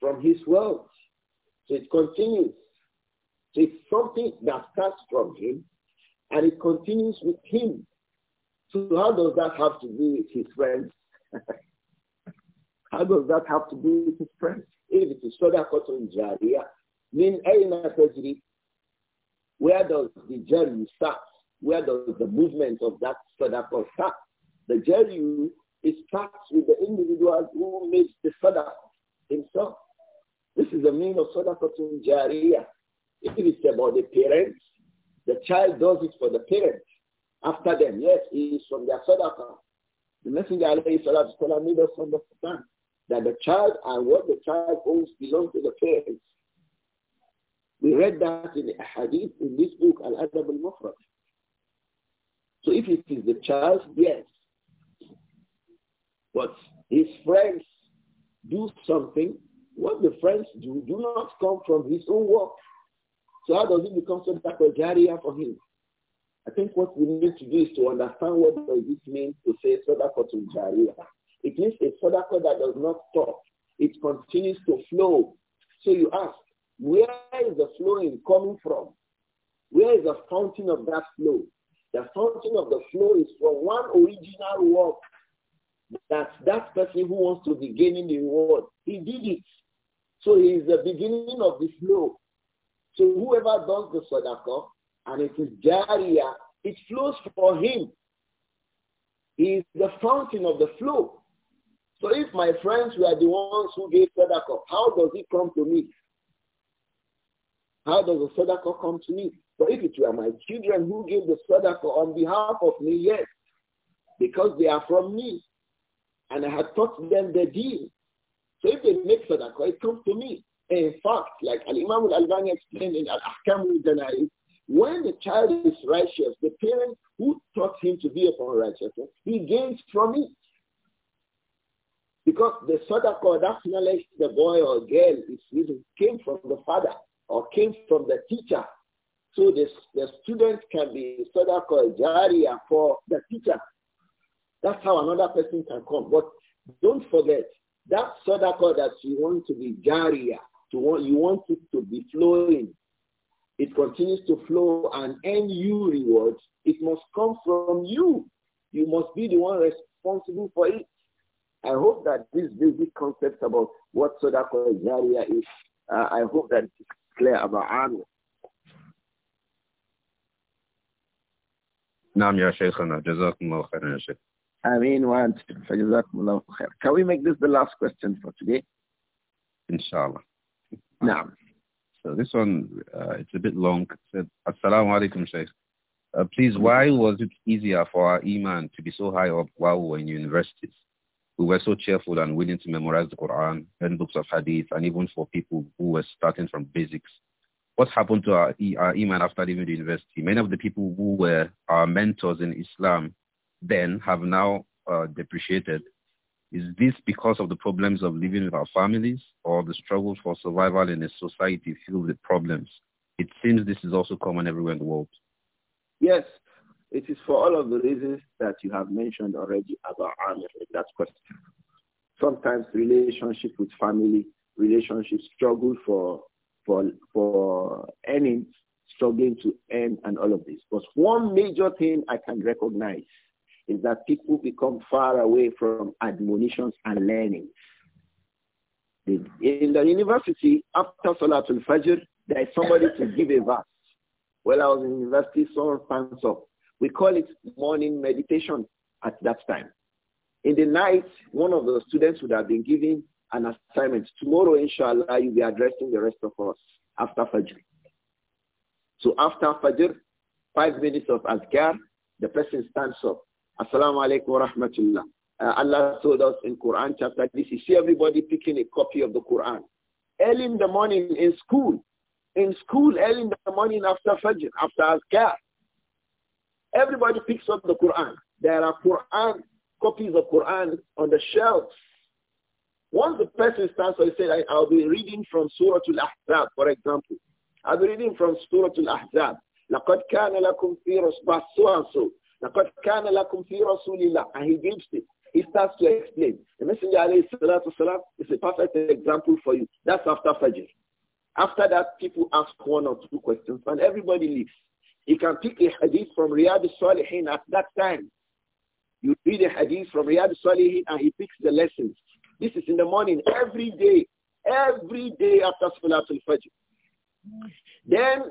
from his wealth. So it continues. So it's something that starts from him and it continues with him. So how does that have to do with his friends? [LAUGHS] how does that have to do with his friends? If it is Sadaqatun Jariyah, min ayna tajri, where does the journey start? Where does the movement of that Sadaqah start? The journey it starts with the individual who makes the Sadaqah himself. This is the meaning of to Jariyah. If it's about the parents, the child does it for the parents. After them, yes, he is from their sadaqah. The Messenger of made us understand that the child and what the child owns belong to the parents. We read that in the hadith in this book, Al-Adab al-Mufrad. So if it is the child, yes. But his friends do something. What the friends do do not come from his own work. So how does it become Sadaqah Jariyah for him? I think what we need to do is to understand what does means mean to say Sadaqatul Jariyah. It means a Sadaqah that does not stop. It continues to flow. So you ask, where is the flowing coming from? Where is the fountain of that flow? The fountain of the flow is from one original work that that person who wants to be gaining the reward, he did it. So he is the beginning of the flow. So whoever does the sadaqah and it is jariyah, it flows for him. He is the fountain of the flow. So if my friends were the ones who gave sadaqah, how does it come to me? How does the sadaqah come to me? But if it were my children who gave the sadaqah on behalf of me, yes, because they are from me. And I had taught them the deen. So if they make sadaqah, it comes to me. In fact, like Al-Imam al-Albani explained in Al-Ahkam al when the child is righteous, the parent who taught him to be upon righteousness, he gains from it. Because the sadaqah, that knowledge the boy or girl is using came from the father or came from the teacher. So the the student can be sadaqah jariyah for the teacher. That's how another person can come. But don't forget, that sadaqah that you want to be jariyah, to want, you want it to be flowing. It continues to flow and earn you rewards. It must come from you. You must be the one responsible for it. I hope that this basic concept about what Sodako Zaria is, uh, I hope that it's clear about Amir. نعم يا شيخنا can we make this the last question for today inshallah now, so this one, uh, it's a bit long. It said, Assalamu alaikum, Shaykh. Uh, please, why was it easier for our iman to be so high up while we were in universities? We were so cheerful and willing to memorize the Quran and books of hadith, and even for people who were starting from basics. What happened to our, our iman after leaving the university? Many of the people who were our mentors in Islam then have now uh, depreciated is this because of the problems of living with our families or the struggle for survival in a society filled with problems? It seems this is also common everywhere in the world. Yes, it is for all of the reasons that you have mentioned already about answering that question. Sometimes relationship with family, relationship struggle for for for earning, struggling to earn and all of this. But one major thing I can recognize is that people become far away from admonitions and learning? In the university, after Salatul Fajr, there is somebody to give a verse. Well, I was in university, so stands up. We call it morning meditation at that time. In the night, one of the students would have been given an assignment. Tomorrow, inshallah, you'll be addressing the rest of us after Fajr. So after Fajr, five minutes of Azkar, the person stands up. Assalamu alaikum wa rahmatullah. Uh, Allah told us in Quran chapter this, you see everybody picking a copy of the Quran. Early in the morning in school, in school early in the morning after Fajr, after Azkar, everybody picks up the Quran. There are Quran, copies of Quran on the shelves. Once the person starts, I said, I, will be reading from Surah Al-Ahzab, for example. I'll be reading from Surah Al-Ahzab. لَقَدْ كَانَ لَكُمْ فِي رَسْبَةٍ so and so. لَقَدْ كَانَ لَكُمْ فِي رَسُولِ اللَّهِ And he gives it. He starts to explain. The Messenger alayhi salatu salam is a perfect example for you. That's after Fajr. After that, people ask one or two questions and everybody leaves. You can pick a hadith from Riyadh al-Salihin at that time. You read a hadith from Riyadh al-Salihin and he picks the lessons. This is in the morning, every day, every day after Salatul Fajr. Then,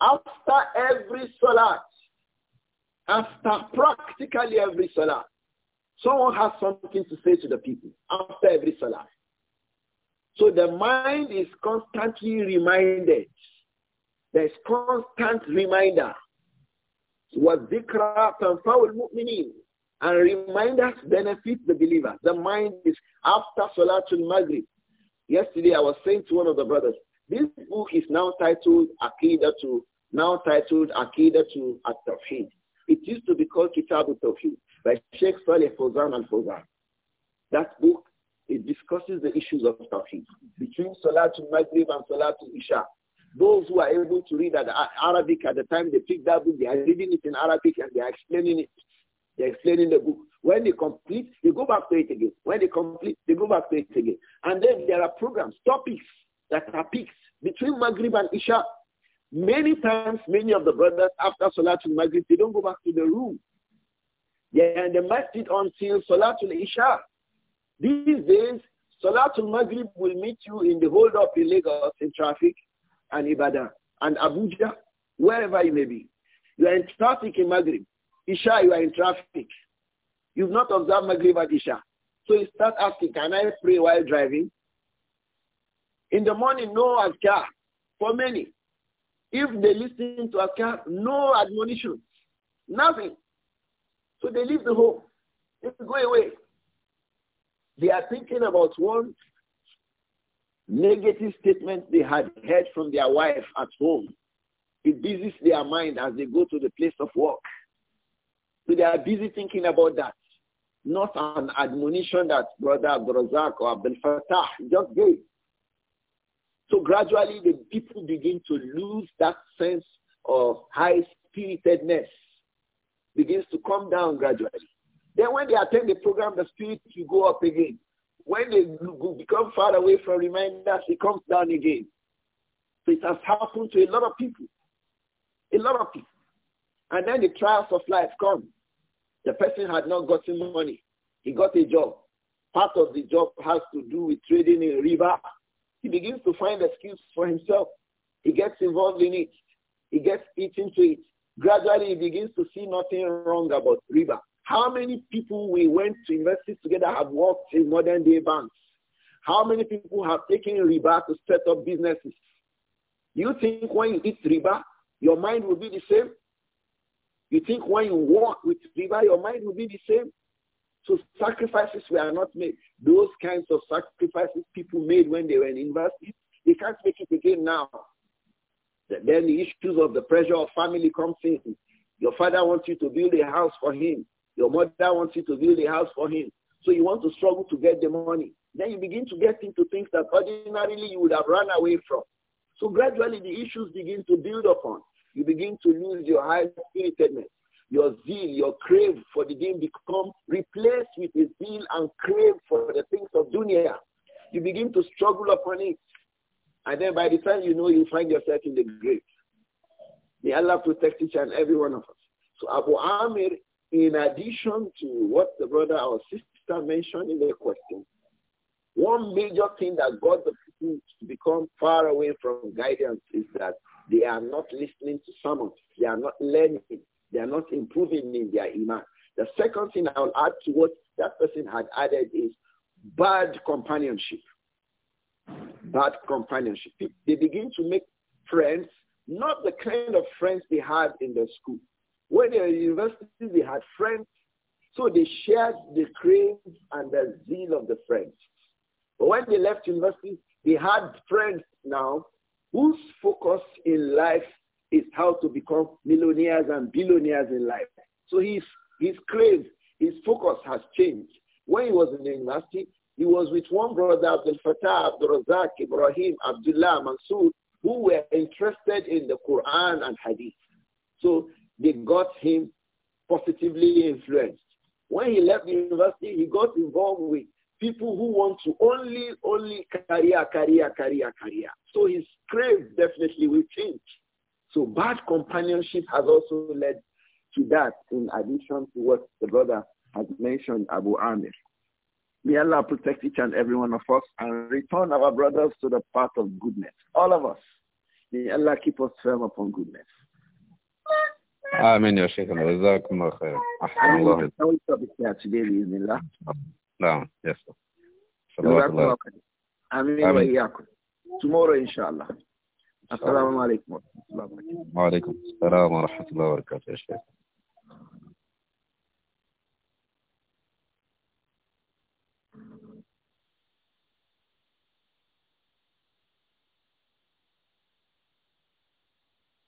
after every Salat, after practically every salah. Someone has something to say to the people after every salah. So the mind is constantly reminded. There's constant reminder. وَالذِّكْرَى تَنْفَوْ الْمُؤْمِنِينَ And reminders benefit the believer. The mind is after Salatul Maghrib. Yesterday I was saying to one of the brothers, this book is now titled Aqidah to, now titled Aqidah to At-Tawheed. It used to be called Kitabu al-Tawhid by Sheikh Saleh Fawzan al-Fawzan. That book, it discusses the issues of Tawhid between Salatul Maghrib and Salatul Isha. Those who are able to read at uh, Arabic at the time they pick that book, they are reading it in Arabic and they are explaining it. They're explaining the book. When they complete, they go back to it again. When they complete, they go back to it again. And then there are programs, topics that are picked between Maghrib and Isha Many times, many of the brothers, after Salatul Maghrib, they don't go back to the room. They're in the masjid until Salatul Isha. These days, Salatul Maghrib will meet you in the hold-up in Lagos in traffic and Ibadan and Abuja, wherever you may be. You are in traffic in Maghrib. Isha, you are in traffic. You've not observed Maghrib at Isha. So you start asking, can I pray while driving? In the morning, no azkar for many. If they listen to Askar, no admonition, nothing. So they leave the home. They go away. They are thinking about one negative statement they had heard from their wife at home. It busies their mind as they go to the place of work. So they are busy thinking about that. Not an admonition that Brother Abdurazak or Abdel Fattah just gave. So gradually the people begin to lose that sense of high-spiritedness, begins to come down gradually. Then when they attend the program, the spirit will go up again. When they become far away from reminders, it comes down again. So it has happened to a lot of people. A lot of people. And then the trials of life come. The person had not gotten money. He got a job. Part of the job has to do with trading in river he begins to find excuses for himself. He gets involved in it. He gets eaten to it. Gradually, he begins to see nothing wrong about riba. How many people we went to university together have worked in modern day banks? How many people have taken riba to set up businesses? You think when you eat riba, your mind will be the same? You think when you walk with riba, your mind will be the same? So sacrifices were not made. Those kinds of sacrifices people made when they were in university, they can't make it again now. Then the issues of the pressure of family comes in. Your father wants you to build a house for him. Your mother wants you to build a house for him. So you want to struggle to get the money. Then you begin to get into things that ordinarily you would have run away from. So gradually the issues begin to build upon. You begin to lose your high spiritedness your zeal, your crave for the deen become replaced with a zeal and crave for the things of dunya. You begin to struggle upon it. And then by the time you know, you find yourself in the grave. May Allah protect each and every one of us. So Abu Amir, in addition to what the brother or sister mentioned in the question, one major thing that got the people to become far away from guidance is that they are not listening to someone. They are not learning. They are not improving in their iman. The second thing I'll add to what that person had added is bad companionship. Bad companionship. They begin to make friends, not the kind of friends they had in the school. When they were in university, they had friends, so they shared the dreams and the zeal of the friends. But when they left university, they had friends now whose focus in life is how to become millionaires and billionaires in life. So his, his craze, his focus has changed. When he was in the university, he was with one brother, Abdul Fattah, Abdul Razak, Ibrahim, Abdullah, Mansur, who were interested in the Quran and Hadith. So they got him positively influenced. When he left the university, he got involved with people who want to only, only career, career, career, career. So his craze definitely will change. So bad companionship has also led to that in addition to what the brother has mentioned, Abu Amir. May Allah protect each and every one of us and return our brothers to the path of goodness. All of us. May Allah keep us firm upon goodness. آمين يا tomorrow إن السلام عليكم ورحمة الله وبركاته وعليكم السلام ورحمة الله وبركاته يا شيخ